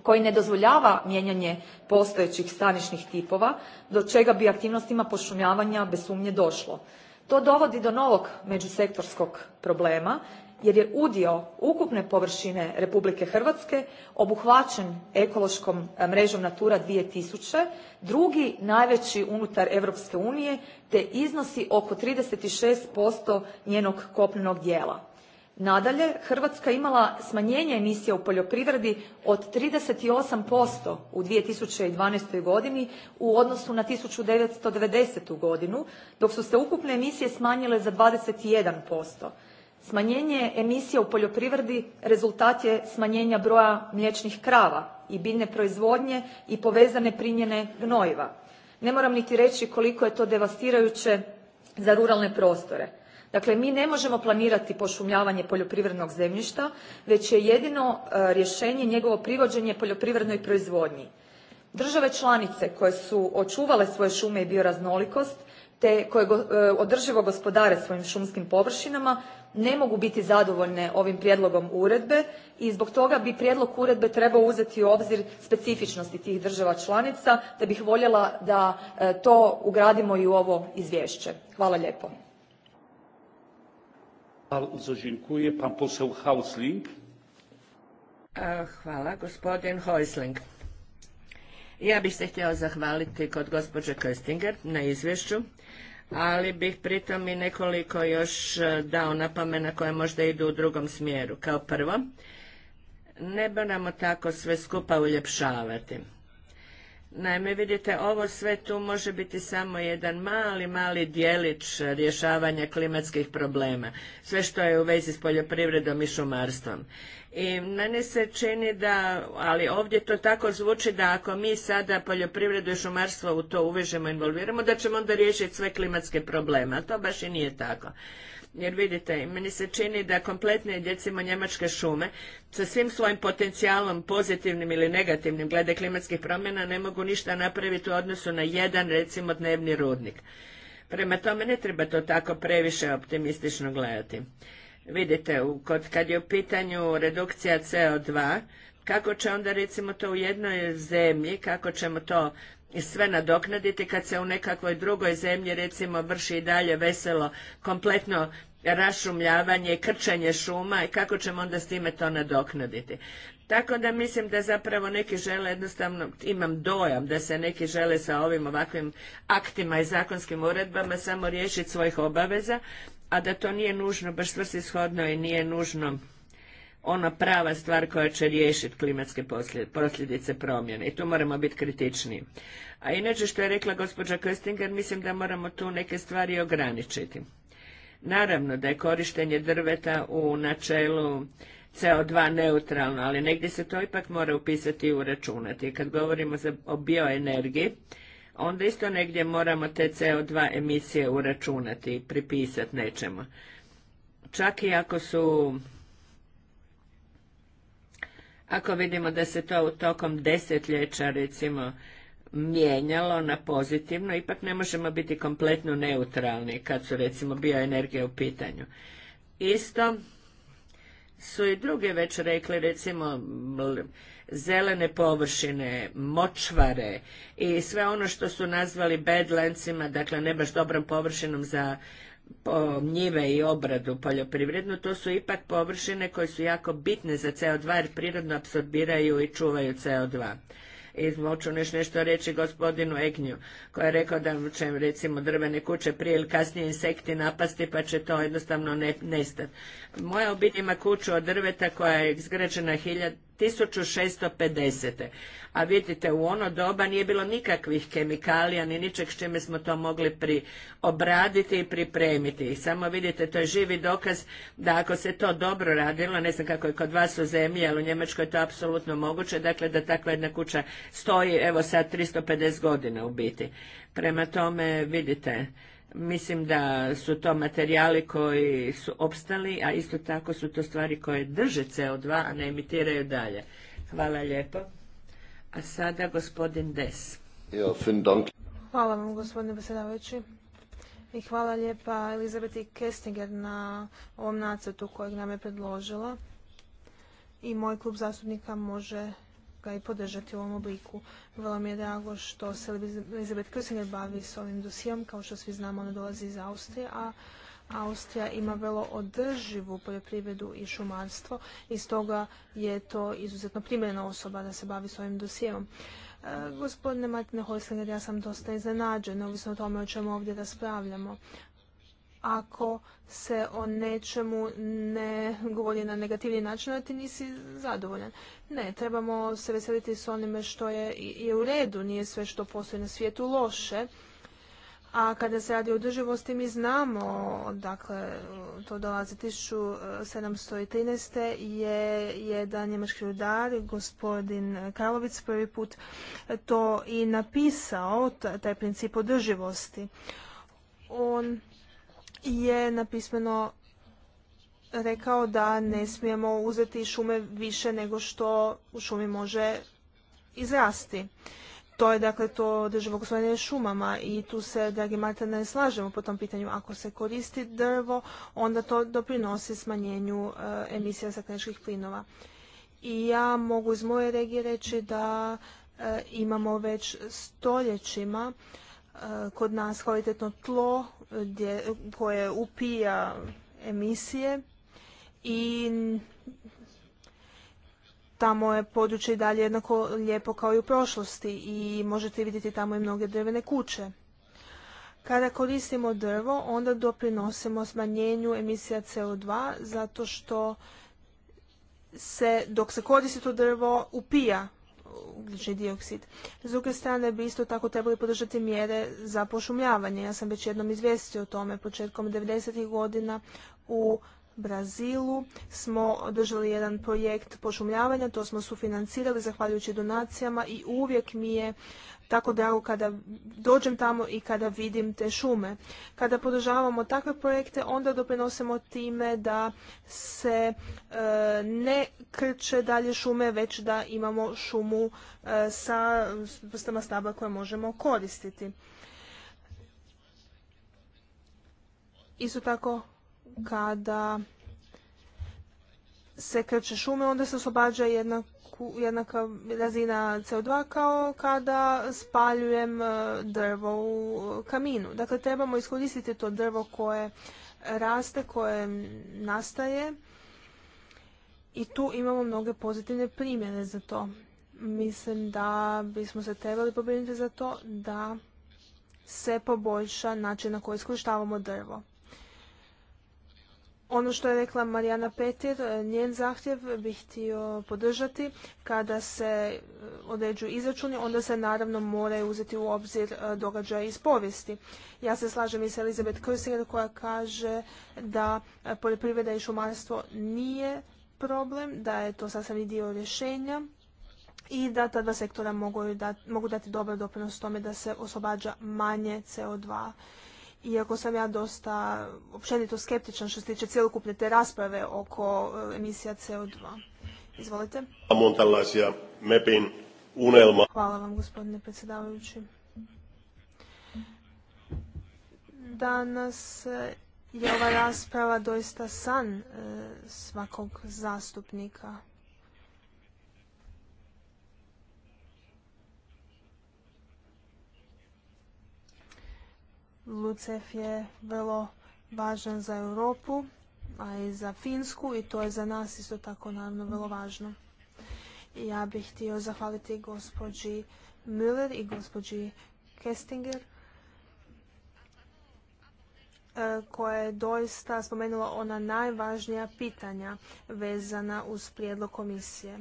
Speaker 5: koji ne dozvoljava mijenjanje postojećih stanišnih tipova do čega bi aktivnostima pošumljavanja bez sumnje došlo. To dovodi do novog međusektorskog problema jer je udio ukupne površine Republike Hrvatske obuhvaćen ekološkom e, mrežom Natura 2000, drugi najveći unutar Europske unije te iznosi oko 36% njenog kopnenog dijela. Nadalje, Hrvatska je imala smanjenje emisija u poljoprivredi od 38% u 2012. godini u odnosu na 1990. godinu, dok su se ukupne emisije smanjile za 21% smanjenje emisija u poljoprivredi rezultat je smanjenja broja mliječnih krava i biljne proizvodnje i povezane primjene gnojiva. ne moram niti reći koliko je to devastirajuće za ruralne prostore. dakle mi ne možemo planirati pošumljavanje poljoprivrednog zemljišta već je jedino e, rješenje njegovo privođenje poljoprivrednoj proizvodnji. države članice koje su očuvale svoje šume i bioraznolikost te koje e, održivo gospodare svojim šumskim površinama ne mogu biti zadovoljne ovim prijedlogom uredbe i zbog toga bi prijedlog uredbe trebao uzeti u obzir specifičnosti tih država članica te bih voljela da e, to ugradimo i u ovo
Speaker 3: izvješće. Hvala lijepo. E, hvala, gospodin Ja bih se htjela zahvaliti kod gospođe Köstinger na izvješću ali bih pritom i nekoliko još e, dao napomena koje možda idu u drugom smjeru. Kao prvo, ne moramo tako sve skupa uljepšavati. Naime, vidite, ovo sve tu može biti samo jedan mali, mali dijelić rješavanja klimatskih problema. Sve što je u vezi s poljoprivredom i šumarstvom. I mene se čini da, ali ovdje to tako zvuči da ako mi sada poljoprivredu i šumarstvo u to uvežemo, involviramo, da ćemo onda riješiti sve klimatske probleme, a to baš i nije tako. Jer vidite, meni se čini da kompletne, recimo, njemačke šume sa svim svojim potencijalom, pozitivnim ili negativnim, glede klimatskih promjena, ne mogu ništa napraviti u odnosu na jedan, recimo, dnevni rudnik. Prema tome, ne treba to tako previše optimistično gledati. Vidite, kod, kad je u pitanju redukcija CO2, kako će onda recimo to u jednoj zemlji, kako ćemo to sve nadoknaditi kad se u nekakvoj drugoj zemlji recimo vrši i dalje veselo kompletno rašumljavanje, krčenje šuma i kako ćemo onda s time to nadoknaditi. Tako da mislim da zapravo neki žele jednostavno, imam dojam da se neki žele sa ovim ovakvim aktima i zakonskim uredbama samo riješiti svojih obaveza a da to nije nužno baš svrsishodno i nije nužno ona prava stvar koja će riješiti klimatske posljedice promjene i tu moramo biti kritičniji. A inače što je rekla gospođa Köstinger, mislim da moramo tu neke stvari ograničiti. Naravno da je korištenje drveta u načelu CO2 neutralno, ali negdje se to ipak mora upisati i uračunati. Kad govorimo o bioenergiji, onda isto negdje moramo te CO2 emisije uračunati i pripisati nečemu. Čak i ako su ako vidimo da se to u tokom desetljeća recimo mijenjalo na pozitivno, ipak ne možemo biti kompletno neutralni kad su recimo bioenergije u pitanju. Isto su i druge već rekli, recimo zelene površine, močvare i sve ono što su nazvali bedlancima, dakle ne baš dobrom površinom za njive i obradu poljoprivrednu, to su ipak površine koje su jako bitne za CO2 jer prirodno apsorbiraju i čuvaju CO2 i moću još nešto reći gospodinu Egnju, koji je rekao da će recimo drvene kuće prije ili kasnije insekti napasti pa će to jednostavno nestati. Moja obitelj ima kuću od drveta koja je izgrađena hiljad, 1650. A vidite, u ono doba nije bilo nikakvih kemikalija ni ničeg s čime smo to mogli obraditi i pripremiti. I samo vidite, to je živi dokaz da ako se to dobro radilo, ne znam kako je kod vas u zemlji, ali u Njemačkoj je to apsolutno moguće, dakle da takva jedna kuća stoji, evo sad 350 godina u biti. Prema tome, vidite, Mislim da su to materijali koji su opstali, a isto tako su to stvari koje drže CO2, a ne emitiraju dalje. Hvala lijepo. A sada gospodin Des.
Speaker 4: Hvala vam gospodine predsjedavajući. I hvala lijepa Elizabeti Kestinger na ovom nacrtu kojeg nam je predložila. I moj klub zastupnika može ga i podržati u ovom obliku. Vrlo mi je drago što se Elizabeth Kösinger bavi s ovim dosijom. Kao što svi znamo, ona dolazi iz Austrije, a Austrija ima vrlo održivu poljoprivredu i šumarstvo i stoga je to izuzetno primjerena osoba da se bavi s ovim dosijevom. E, gospodine Martine Horslinger, ja sam dosta iznenađena, ovisno o tome o čemu ovdje raspravljamo ako se o nečemu ne govori na negativni način, da ti nisi zadovoljan. Ne, trebamo se veseliti s onime što je i u redu, nije sve što postoji na svijetu loše. A kada se radi o održivosti, mi znamo, dakle, to dolazi 1713. je jedan njemački rudar, gospodin Karlovic, prvi put to i napisao, taj princip održivosti. On je napismeno rekao da ne smijemo uzeti šume više nego što u šumi može izrasti. To je dakle to drživo gospodine šumama i tu se, dragi Marta, ne slažemo po tom pitanju. Ako se koristi drvo, onda to doprinosi smanjenju e, emisija stakleničkih plinova. I ja mogu iz moje regije reći da e, imamo već stoljećima Eh, kod nas kvalitetno tlo eh, koje upija emisije i tamo je područje i dalje jednako lijepo kao i u prošlosti i možete vidjeti tamo i mnoge drvene kuće. Kada koristimo drvo, onda doprinosimo smanjenju emisija CO2 zato što se dok se koristi to drvo upija ugljični dioksid. S druge strane bi isto tako trebali podržati mjere za pošumljavanje. Ja sam već jednom izvijestio o tome početkom 90. godina u Brazilu smo održali jedan projekt pošumljavanja, to smo sufinancirali zahvaljujući donacijama i uvijek mi je tako drago kada dođem tamo i kada vidim te šume. Kada podržavamo takve projekte, onda doprinosimo time da se e, ne krče dalje šume, već da imamo šumu e, sa vrstama staba koje možemo koristiti. Isto tako kada se krče šume, onda se oslobađa jednaka razina CO2 kao kada spaljujem e, drvo u kaminu. Dakle, trebamo iskoristiti to drvo koje raste, koje nastaje i tu imamo mnoge pozitivne primjene za to. Mislim da bismo se trebali pobrinuti za to da se poboljša način na koji iskorištavamo drvo. Ono što je rekla Marijana Petir, e, njen zahtjev bih htio podržati. Kada se e, određuju izračuni, onda se naravno moraju uzeti u obzir e, događaja iz povijesti. Ja se slažem i sa Elizabeth Kösinger koja kaže da poljoprivreda i šumarstvo nije problem, da je to sastavni dio rješenja i da ta dva sektora mogu dati, mogu dati dobar doprinos tome da se oslobađa manje CO2 iako sam ja dosta općenito skeptičan što se tiče cjelokupne te rasprave oko e, emisija CO2. Izvolite. Hvala vam gospodine predsjedavajući. Danas e, je ova rasprava doista san e, svakog zastupnika. LUCEF je vrlo važan za Europu, a i za Finsku i to je za nas isto tako naravno vrlo važno. Ja bih htio zahvaliti gospođi Müller i gospođi Kestinger e, koja je doista spomenula ona najvažnija pitanja vezana uz prijedlog komisije.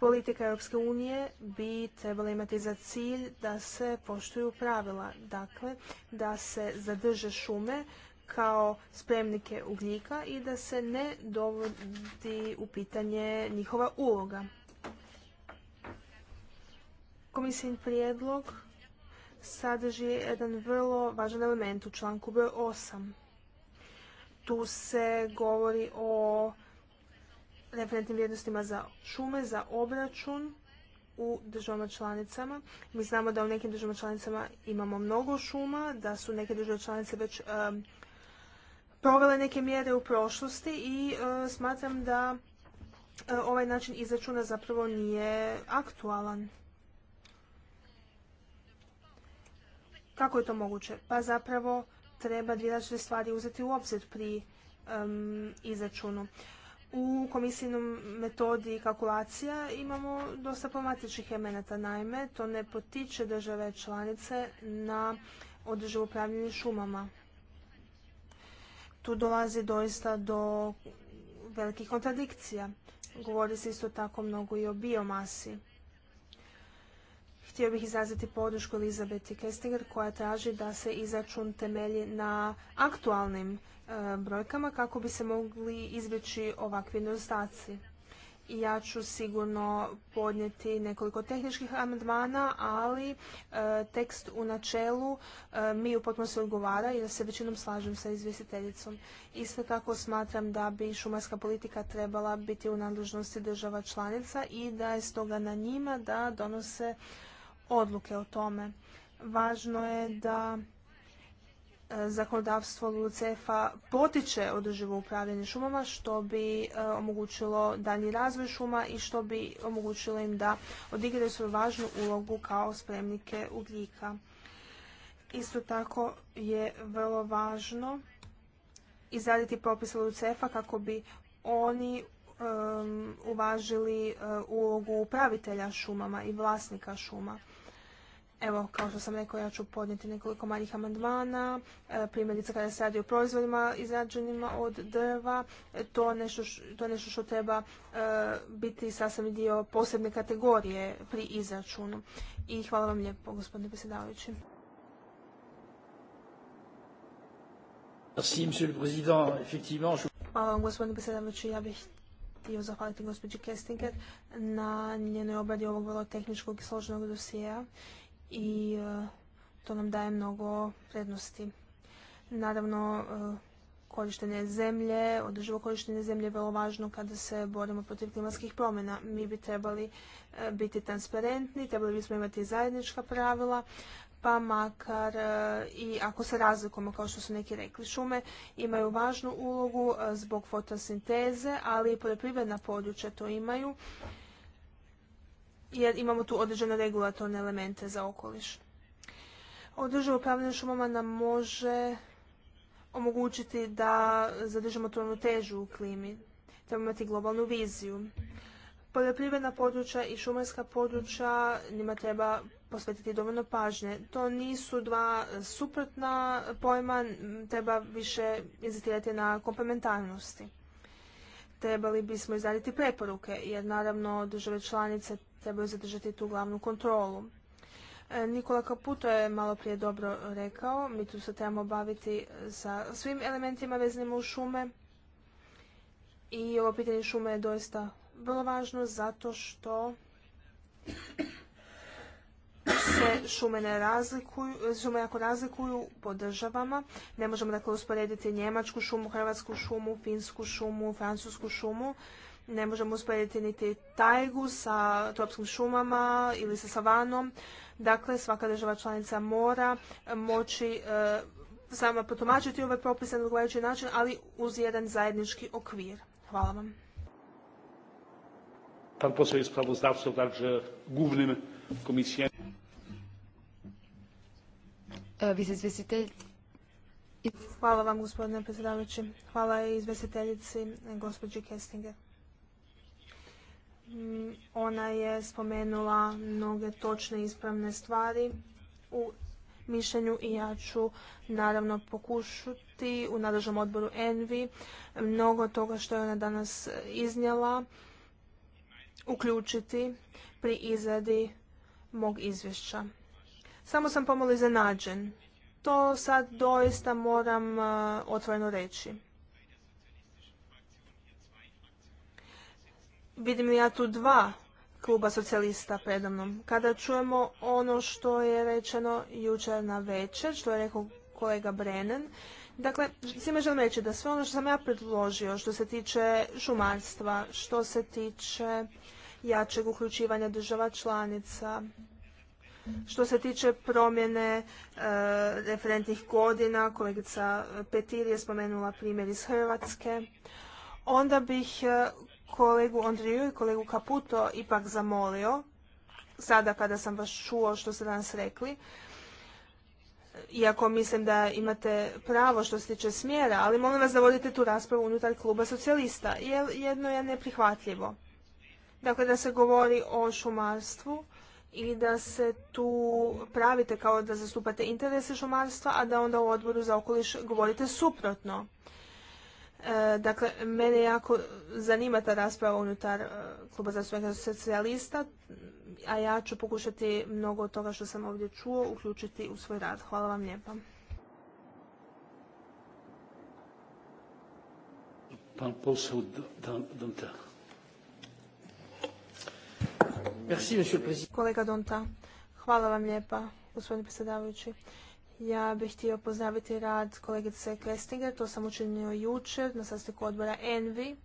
Speaker 4: Politika Europske unije bi trebala imati za cilj da se poštuju pravila, dakle da se zadrže šume kao spremnike ugljika i da se ne dovodi u pitanje njihova uloga. Komisijin prijedlog sadrži jedan vrlo važan element u članku broj 8. Tu se govori o referentnim vrijednostima za šume, za obračun u državama članicama. Mi znamo da u nekim državama članicama imamo mnogo šuma, da su neke države članice već provele neke mjere u prošlosti i e, smatram da e, ovaj način izračuna zapravo nije aktualan. Kako je to moguće? Pa zapravo treba dvije različite stvari uzeti u obzir pri izračunu u komisijnom metodi kalkulacija imamo dosta problematičnih elemenata. Naime, to ne potiče države članice na održivo upravljanje šumama. Tu dolazi doista do velikih kontradikcija. Govori se isto tako mnogo i o biomasi. Htio bih izraziti podršku Elizabeti Kestinger koja traži da se izračun temelji na aktualnim e, brojkama kako bi se mogli izbjeći ovakvi nedostaci. Ja ću sigurno podnijeti nekoliko tehničkih amandmana, ali e, tekst u načelu e, mi u potpunosti odgovara i da se većinom slažem sa izvjestiteljicom. Isto tako smatram da bi šumarska politika trebala biti u nadležnosti država članica i da je stoga na njima da donose odluke o tome. Važno je da e, zakonodavstvo Lucefa potiče održivo upravljanje šumama što bi e, omogućilo dalji razvoj šuma i što bi omogućilo im da odigraju svoju važnu ulogu kao spremnike ugljika. Isto tako je vrlo važno izraditi propis Lucefa kako bi oni uvažili e, ulogu upravitelja šumama i vlasnika šuma Evo, kao što sam rekao, ja ću podnijeti nekoliko manjih amandmana, e, primjerice kada se radi o proizvodima izrađenima od drva, e, to je nešto što treba e, biti sasvim dio posebne kategorije pri izračunu. I hvala vam lijepo, gospodine predsjedavajući. Hvala vam, gospodine predsjedavajući, ja bih htio zahvaliti gospođi Kestinger na njenoj obradi ovog vrlo tehničkog i složenog dosijeja i e, to nam daje mnogo prednosti. Naravno, e, korištenje zemlje, održivo korištenje zemlje je vrlo važno kada se borimo protiv klimatskih promjena. Mi bi trebali e, biti transparentni, trebali bismo imati zajednička pravila, pa makar i ako se razlikujemo, kao što su neki rekli, šume imaju važnu ulogu zbog fotosinteze, ali i poljoprivredna područja to imaju jer imamo tu određene regulatorne elemente za okoliš. Održivo upravljanje šumama nam može omogućiti da zadržimo tu težu u klimi. Treba imati globalnu viziju. Poljoprivredna područja i šumarska područja njima treba posvetiti dovoljno pažnje. To nisu dva suprotna pojma, treba više inzistirati na komplementarnosti trebali bismo izraditi preporuke, jer naravno države članice trebaju zadržati tu glavnu kontrolu. E, Nikola Kaputo je malo prije dobro rekao, mi tu se trebamo baviti sa svim elementima veznim u šume i ovo pitanje šume je doista vrlo važno zato što se šume ne razlikuju, šume jako razlikuju po državama. Ne možemo dakle usporediti njemačku šumu, hrvatsku šumu, finsku šumu, francusku šumu. Ne možemo usporediti niti tajgu sa tropskim šumama ili sa savanom. Dakle, svaka država članica mora moći samo e, sama potomačiti ove propise na odgovarajući način, ali uz jedan zajednički okvir. Hvala vam.
Speaker 1: Pan je guvnim
Speaker 4: E, Hvala vam gospodine predsjedavajući. Hvala i izvjestiteljici gospođi Kestinger. Mm, ona je spomenula mnoge točne i ispravne stvari u mišljenju i ja ću naravno pokušati u nadležnom odboru Envi mnogo toga što je ona danas iznijela uključiti pri izradi mog izvješća. Samo sam pomalo iznenađen. To sad doista moram e, otvoreno reći. Vidim ja tu dva kluba socijalista predamnom. Kada čujemo ono što je rečeno jučer na večer, što je rekao kolega Brennan, Dakle, svima želim reći da sve ono što sam ja predložio što se tiče šumarstva, što se tiče jačeg uključivanja država članica, što se tiče promjene e, referentnih godina, kolegica Petir je spomenula primjer iz Hrvatske, onda bih e, kolegu Andriju i kolegu Kaputo ipak zamolio, sada kada sam vas čuo što ste danas rekli, iako mislim da imate pravo što se tiče smjera, ali molim vas da vodite tu raspravu unutar kluba socijalista, jer jedno je neprihvatljivo. Dakle, da se govori o šumarstvu, i da se tu pravite kao da zastupate interese šumarstva, a da onda u odboru za okoliš govorite suprotno. E, dakle, mene jako zanima ta rasprava unutar e, kluba zastupnika socijalista, a ja ću pokušati mnogo od toga što sam ovdje čuo uključiti u svoj rad. Hvala vam lijepa. Pan Kolega Donta, hvala vam lijepa, gospodine predsjedavajući. Ja bih htio pozdraviti rad kolegice Kestinger, to sam učinio jučer na sastanku odbora Envi.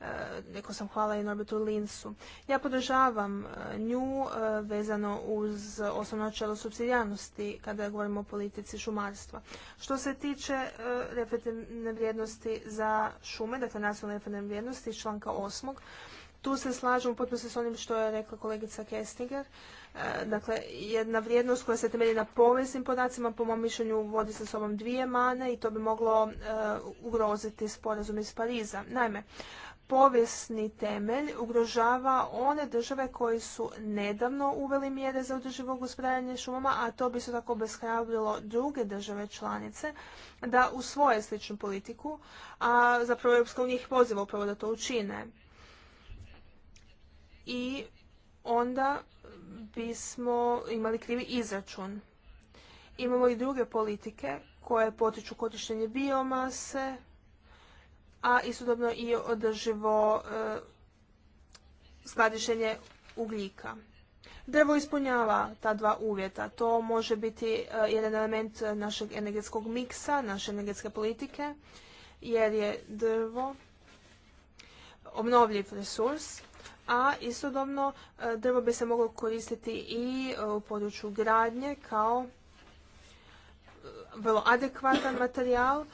Speaker 4: Neko rekao sam hvala i Norbertu Linsu. Ja podržavam e, nju e, vezano uz osnovno načelo subsidijarnosti kada govorimo o politici šumarstva. Što se tiče e, referentne vrijednosti za šume, dakle nacionalne referentne vrijednosti iz članka 8 tu se slažem potpuno s onim što je rekla kolegica Kestinger. E, dakle, jedna vrijednost koja se temelji na povijesnim podacima, po mom mišljenju, vodi sa sobom dvije mane i to bi moglo e, ugroziti sporazum iz Pariza. Naime, povijesni temelj ugrožava one države koji su nedavno uveli mjere za održivo gospodarenje šumama, a to bi se tako obeshrabrilo druge države članice da usvoje sličnu politiku, a zapravo Europska unija ih poziva upravo da to učine i onda bismo imali krivi izračun. Imamo i druge politike koje potiču korištenje biomase, a istodobno i održivo e, skladištenje ugljika. Drvo ispunjava ta dva uvjeta. To može biti e, jedan element našeg energetskog miksa, naše energetske politike, jer je drvo obnovljiv resurs a istodobno e, drvo bi se moglo koristiti i e, u području gradnje kao e, vrlo adekvatan materijal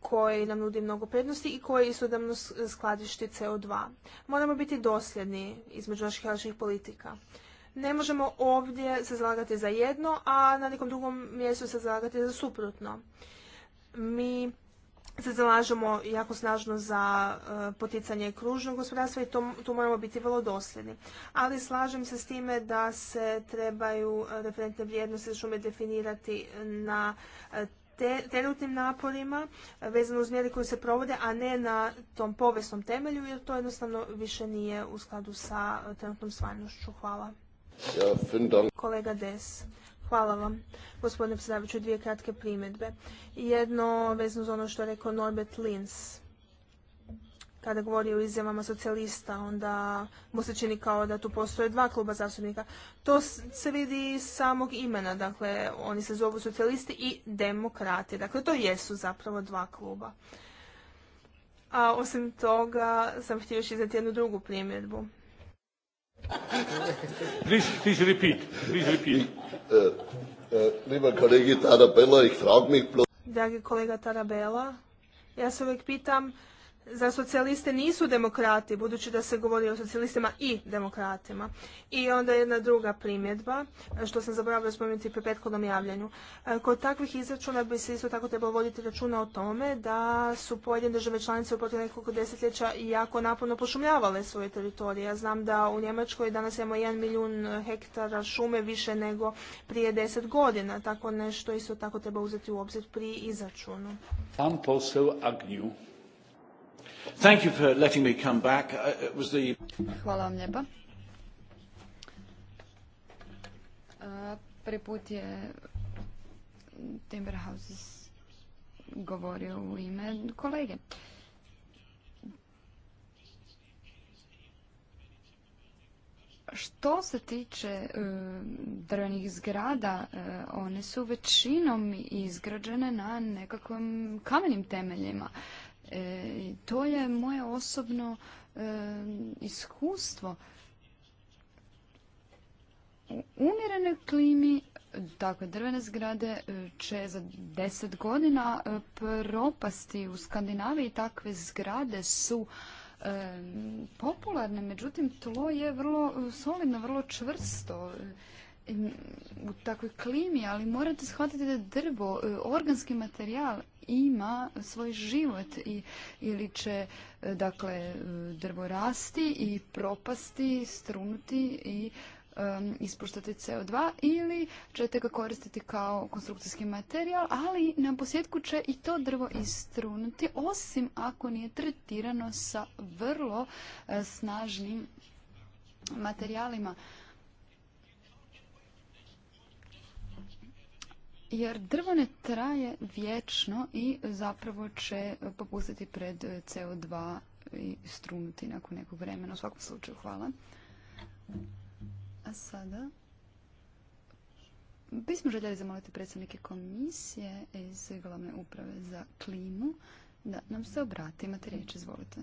Speaker 4: koji nam nudi mnogo prednosti i koji istodobno skladišti CO2. Moramo biti dosljedni između naših različitih politika. Ne možemo ovdje se zalagati za jedno, a na nekom drugom mjestu se zalagati za suprotno. Mi se zalažemo jako snažno za e, poticanje kružnog gospodarstva i tu moramo biti vrlo dosljedni. Ali slažem se s time da se trebaju referentne vrijednosti šume definirati na e, trenutnim naporima vezano uz mjere koje se provode, a ne na tom povesnom temelju, jer to jednostavno više nije u skladu sa e, trenutnom stvarnošću. Hvala. Kolega Des. Hvala vam, gospodine predsjedavajući, dvije kratke primjedbe. Jedno vezno za ono što je rekao Norbert Linz. Kada govori o izjavama socijalista, onda mu se čini kao da tu postoje dva kluba zastupnika. To se vidi iz samog imena, dakle, oni se zovu socijalisti i demokrati. Dakle, to jesu zapravo dva kluba. A osim toga sam htio još izdati jednu drugu primjedbu.
Speaker 1: Please, please repeat. Please repeat. Lieber Kollege Tarabella, ich frage mich bloß...
Speaker 4: Dragi kolega Tarabella, ja se uvijek pitam za socijaliste nisu demokrati, budući da se govori o socijalistima i demokratima. I onda jedna druga primjedba, e, što sam zaboravila spomenuti pri prethodnom javljanju. E, kod takvih izračuna bi se isto tako trebalo voditi računa o tome da su pojedine države članice u protiv nekoliko desetljeća jako naporno pošumljavale svoje teritorije. Ja znam da u Njemačkoj danas imamo 1 milijun hektara šume više nego prije deset godina. Tako nešto isto tako treba uzeti u obzir pri izračunu.
Speaker 1: Pan posel Agnju. Thank you for uh,
Speaker 4: Hvala vam lijepa.
Speaker 2: Prvi put je Timberhouse govorio u ime kolege. Što se tiče e, drvenih zgrada, e, one su većinom izgrađene na nekakvim kamenim temeljima. E, to je moje osobno e, iskustvo. U umjerenoj klimi Dakle, drvene zgrade e, će za deset godina propasti u Skandinaviji. Takve zgrade su popularne, međutim tlo je vrlo solidno, vrlo čvrsto u takvoj klimi, ali morate shvatiti da drvo, e, organski materijal ima svoj život i, ili će e, dakle e, drvo rasti i propasti, strunuti i um, ispuštati CO2 ili ćete ga koristiti kao konstrukcijski materijal, ali na posjetku će i to drvo istrunuti osim ako nije tretirano sa vrlo snažnim materijalima. jer drvo ne traje vječno i zapravo će popustiti pred CO2 i strunuti nakon nekog vremena. U svakom slučaju, hvala. A sada bismo željeli zamoliti predstavnike komisije iz glavne uprave za klimu da nam se obrati. Imate riječ, izvolite.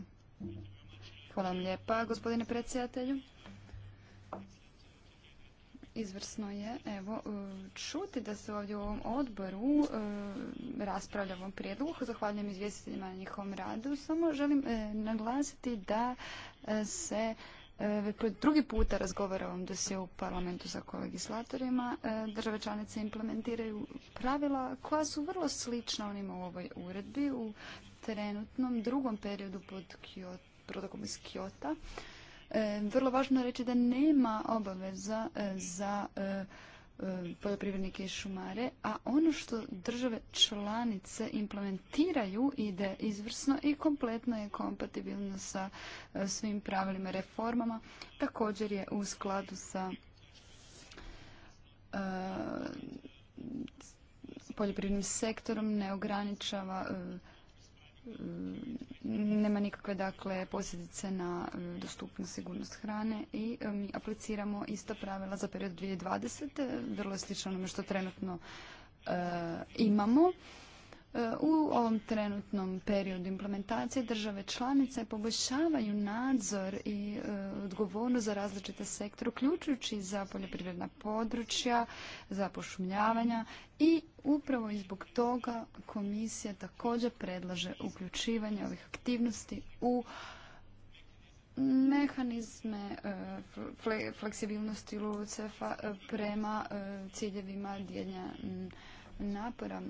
Speaker 2: Hvala vam lijepa, gospodine predsjedatelju. Izvrsno je evo e, čuti da se ovdje u ovom odboru e, raspravlja ovom prijedlogu. Zahvaljujem izvjestiteljima na njihovom radu. Samo želim e, naglasiti da se drugi puta razgovara da se u parlamentu sa kolegislatorima. Države članice implementiraju pravila koja su vrlo slična onima u ovoj uredbi u trenutnom drugom periodu pod protokom iz Kiota. Vrlo važno reći da nema obaveza za poljoprivrednike i šumare, a ono što države članice implementiraju ide izvrsno i kompletno je kompatibilno sa svim pravilima reformama. Također je u skladu sa poljoprivrednim sektorom, ne ograničava Mm, nema nikakve dakle posljedice na mm, dostupnu sigurnost hrane i mm, mi apliciramo ista pravila za period 2020. Vrlo je slično onome što trenutno e, imamo. E, u ovom trenutnom periodu implementacije države članice poboljšavaju nadzor i e, odgovornost za različite sektore, uključujući za poljoprivredna područja, za pošumljavanja i upravo i zbog toga komisija također predlaže uključivanje ovih aktivnosti u mehanizme e, fleksibilnosti Lucefa prema ciljevima dijeljenja napora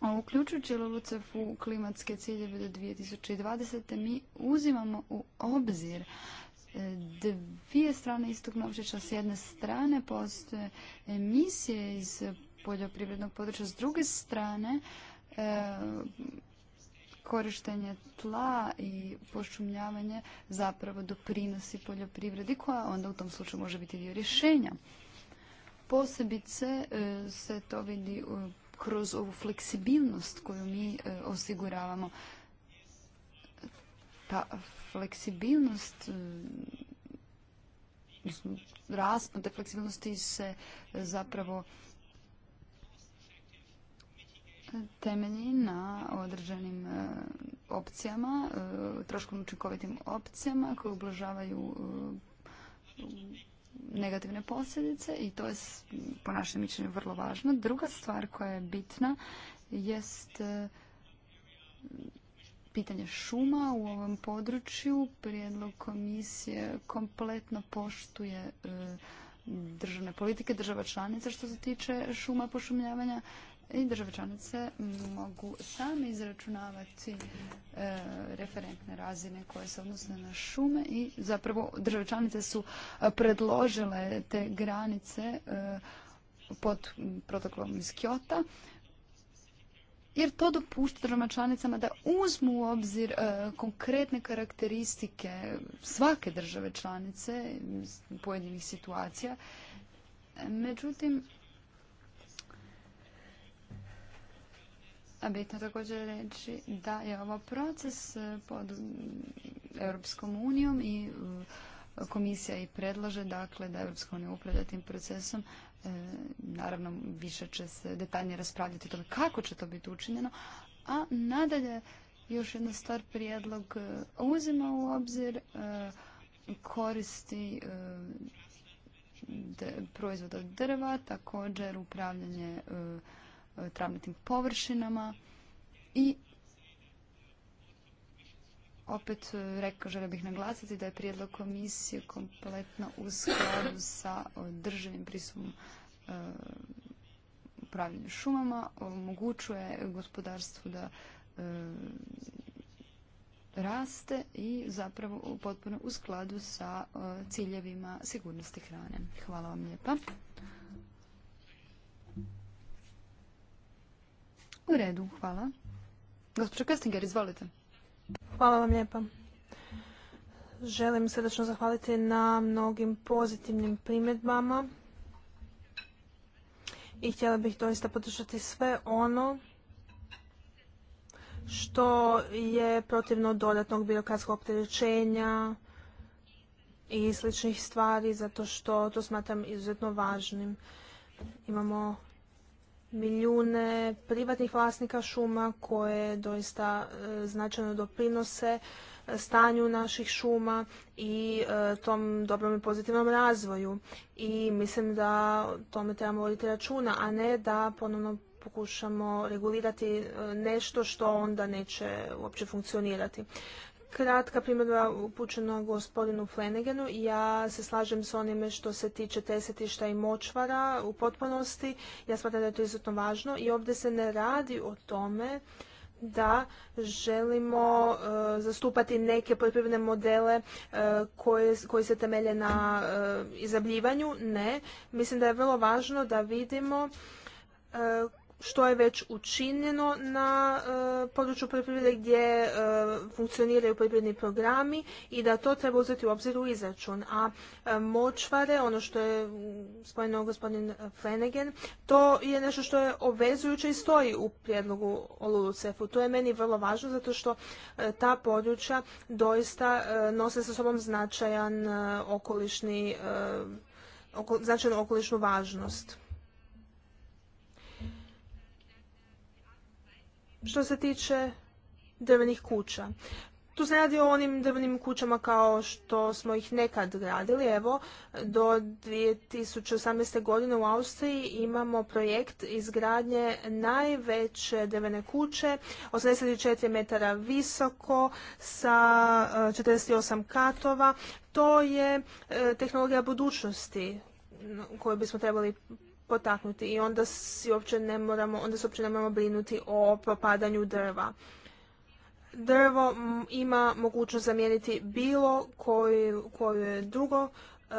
Speaker 2: Uključujući LULUCEF u klimatske ciljeve do 2020. mi uzimamo u obzir e, dvije strane istog novčića. S jedne strane postoje emisije iz poljoprivrednog područja, s druge strane e, korištenje tla i pošumljavanje zapravo doprinosi poljoprivredi koja onda u tom slučaju može biti dio rješenja. Posebice e, se to vidi u kroz ovu fleksibilnost koju mi e, osiguravamo. Ta fleksibilnost e, raspon te fleksibilnosti se e, zapravo temelji na određenim opcijama, troškom učinkovitim opcijama koje ublažavaju negativne posljedice i to je po našem mišljenju vrlo važno. Druga stvar koja je bitna jest e, pitanje šuma u ovom području. Prijedlog komisije kompletno poštuje e, državne politike, država članica što se tiče šuma pošumljavanja i države članice mogu same izračunavati e, referentne razine koje se odnose na šume i zapravo države članice su e, predložile te granice e, pod protokolom iz Kjota jer to dopušta državama članicama da uzmu u obzir konkretne karakteristike svake države članice pojedinih situacija. Međutim, A bitno također reći da je ovo proces e, pod Europskom unijom i e, komisija i predlaže dakle da Europska unija upravlja tim procesom. E, naravno više će se detaljnije raspravljati o tome kako će to biti učinjeno. A nadalje još jedna stvar prijedlog uzima u obzir koristi proizvoda drva, također upravljanje E, travnatim površinama i opet e, rekao, žele bih naglasiti da je prijedlog komisije kompletno u skladu sa državnim prisumom e, upravljanju šumama, omogućuje gospodarstvu da raste i zapravo potpuno u skladu sa ciljevima sigurnosti hrane. Hvala vam lijepa.
Speaker 4: U redu, hvala. Gospođo Kestinger, izvolite. Hvala vam lijepa. Želim srdečno zahvaliti na mnogim pozitivnim primjedbama i htjela bih doista podržati sve ono što je protivno dodatnog birokratskog opterećenja i sličnih stvari, zato što to smatram izuzetno važnim. Imamo milijune privatnih vlasnika šuma koje doista e, značajno doprinose e, stanju naših šuma i e, tom dobrom i pozitivnom razvoju. I mislim da tome trebamo voditi računa, a ne da ponovno pokušamo regulirati nešto što onda neće uopće funkcionirati. Kratka primjedba upućena gospodinu Flanaganu. Ja se slažem s onime što se tiče tesetišta i močvara u potpunosti. Ja smatram da je to izuzetno važno i ovdje se ne radi o tome da želimo e, zastupati neke poljoprivredne modele e, koji se temelje na e, izabljivanju. Ne. Mislim da je vrlo važno da vidimo što je već učinjeno na e, području poljoprivrede gdje e, funkcioniraju poljoprivredni programi i da to treba uzeti u obzir u izračun. A e, močvare, ono što je spomenuo gospodin Flanagan, to je nešto što je obvezujuće i stoji u prijedlogu o lulucef To je meni vrlo važno zato što ta područja doista nose sa sobom značajan okolišni, značajnu okolišnu važnost. što se tiče drvenih kuća. Tu se radi o onim drvenim kućama kao što smo ih nekad gradili. Evo, do 2018. godine u Austriji imamo projekt izgradnje najveće drvene kuće, 84 metara visoko sa 48 e, katova. To je e, tehnologija budućnosti koju bismo trebali potaknuti i onda si uopće ne moramo, onda se uopće ne moramo brinuti o propadanju drva. Drvo ima mogućnost zamijeniti bilo koje je drugo e,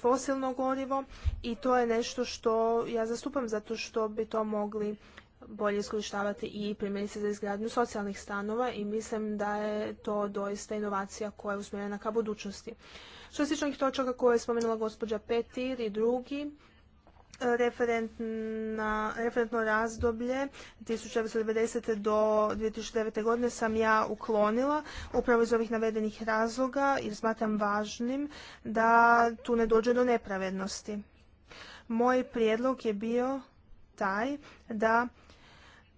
Speaker 4: fosilno gorivo i to je nešto što ja zastupam zato što bi to mogli bolje iskorištavati i primjerice za izgradnju socijalnih stanova i mislim da je to doista inovacija koja je usmjerena ka budućnosti. Što se tiče onih točaka koje je spomenula gospođa Petir i drugi, referentno razdoblje 1990. do 2009. godine sam ja uklonila upravo iz ovih navedenih razloga jer smatram važnim da tu ne dođe do nepravednosti. Moj prijedlog je bio taj da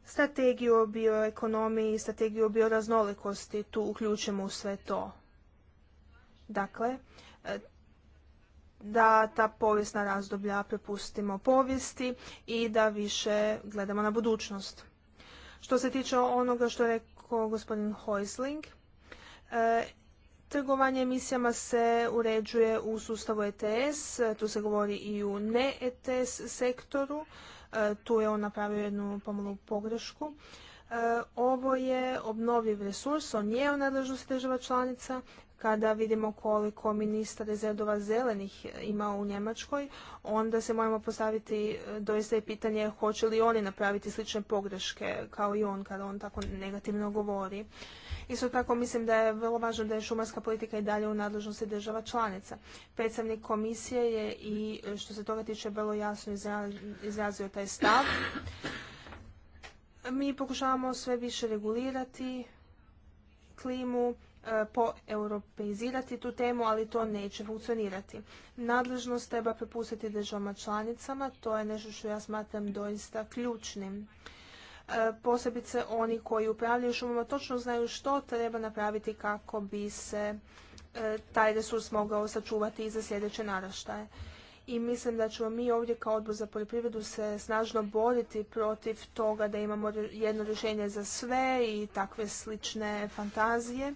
Speaker 4: strategiju o bioekonomiji i strategiju o bioraznolikosti tu uključimo u sve to. Dakle, da ta povijesna razdoblja prepustimo povijesti i da više gledamo na budućnost. Što se tiče onoga što je rekao gospodin Hojsling, e, trgovanje emisijama se uređuje u sustavu ETS, tu se govori i u ne ETS sektoru, e, tu je on napravio jednu pomalu pogrešku. E, ovo je obnovljiv resurs, on je u nadležnosti država članica, kada vidimo koliko ministar iz redova zelenih ima u Njemačkoj, onda se moramo postaviti e, doista i pitanje hoće li oni napraviti slične pogreške kao i on kada on tako negativno govori. Isto tako mislim da je vrlo važno da je šumarska politika i dalje u nadležnosti država članica. Predstavnik komisije je i e, što se toga tiče vrlo jasno izrazio taj stav. Mi pokušavamo sve više regulirati klimu, poeuropeizirati tu temu, ali to neće funkcionirati. Nadležnost treba prepustiti državama članicama, to je nešto što ja smatram doista ključnim. E, posebice oni koji upravljaju šumama točno znaju što treba napraviti kako bi se e, taj resurs mogao sačuvati i za sljedeće naraštaje. I mislim da ćemo mi ovdje kao odbor za poljoprivredu se snažno boriti protiv toga da imamo jedno rješenje za sve i takve slične fantazije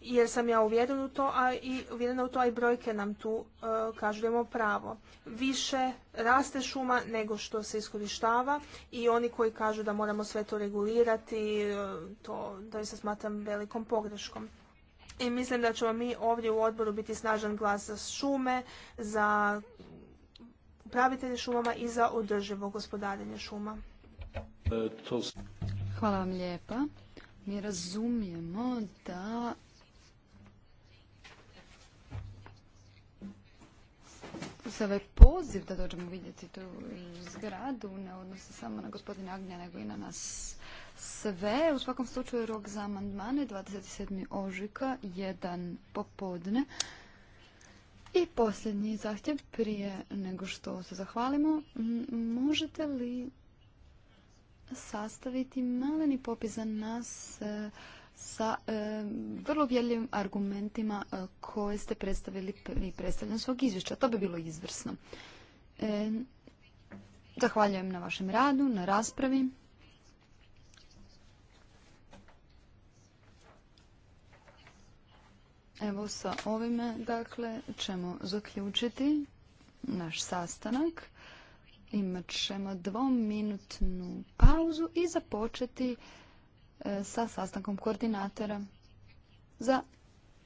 Speaker 4: jer sam ja uvjerena u to, a i uvjerena u to, a i brojke nam tu kažujemo kažu da imamo pravo. Više raste šuma nego što se iskorištava i oni koji kažu da moramo sve to regulirati, e, to da se smatram velikom pogreškom. I mislim da ćemo mi ovdje u odboru biti snažan glas za šume, za upravitelje šumama i za održivo gospodarenje šuma.
Speaker 1: E,
Speaker 2: Hvala vam lijepa. Mi razumijemo da se ovaj poziv da dođemo vidjeti tu zgradu ne odnosi samo na gospodina Agnja, nego i na nas sve. U svakom slučaju rok za amandmane 27. ožujka, jedan popodne. I posljednji zahtjev prije nego što se zahvalimo. Možete li sastaviti maleni popis za nas sa e, vrlo vjerljivim argumentima e, koje ste predstavili pri predstavljanju svog izvješća. To bi bilo izvrsno. E, zahvaljujem na vašem radu, na raspravi. Evo sa ovime, dakle, ćemo zaključiti naš sastanak. Imat ćemo dvominutnu pauzu i započeti E, sa sastankom koordinatora za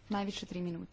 Speaker 2: najviše tri minute.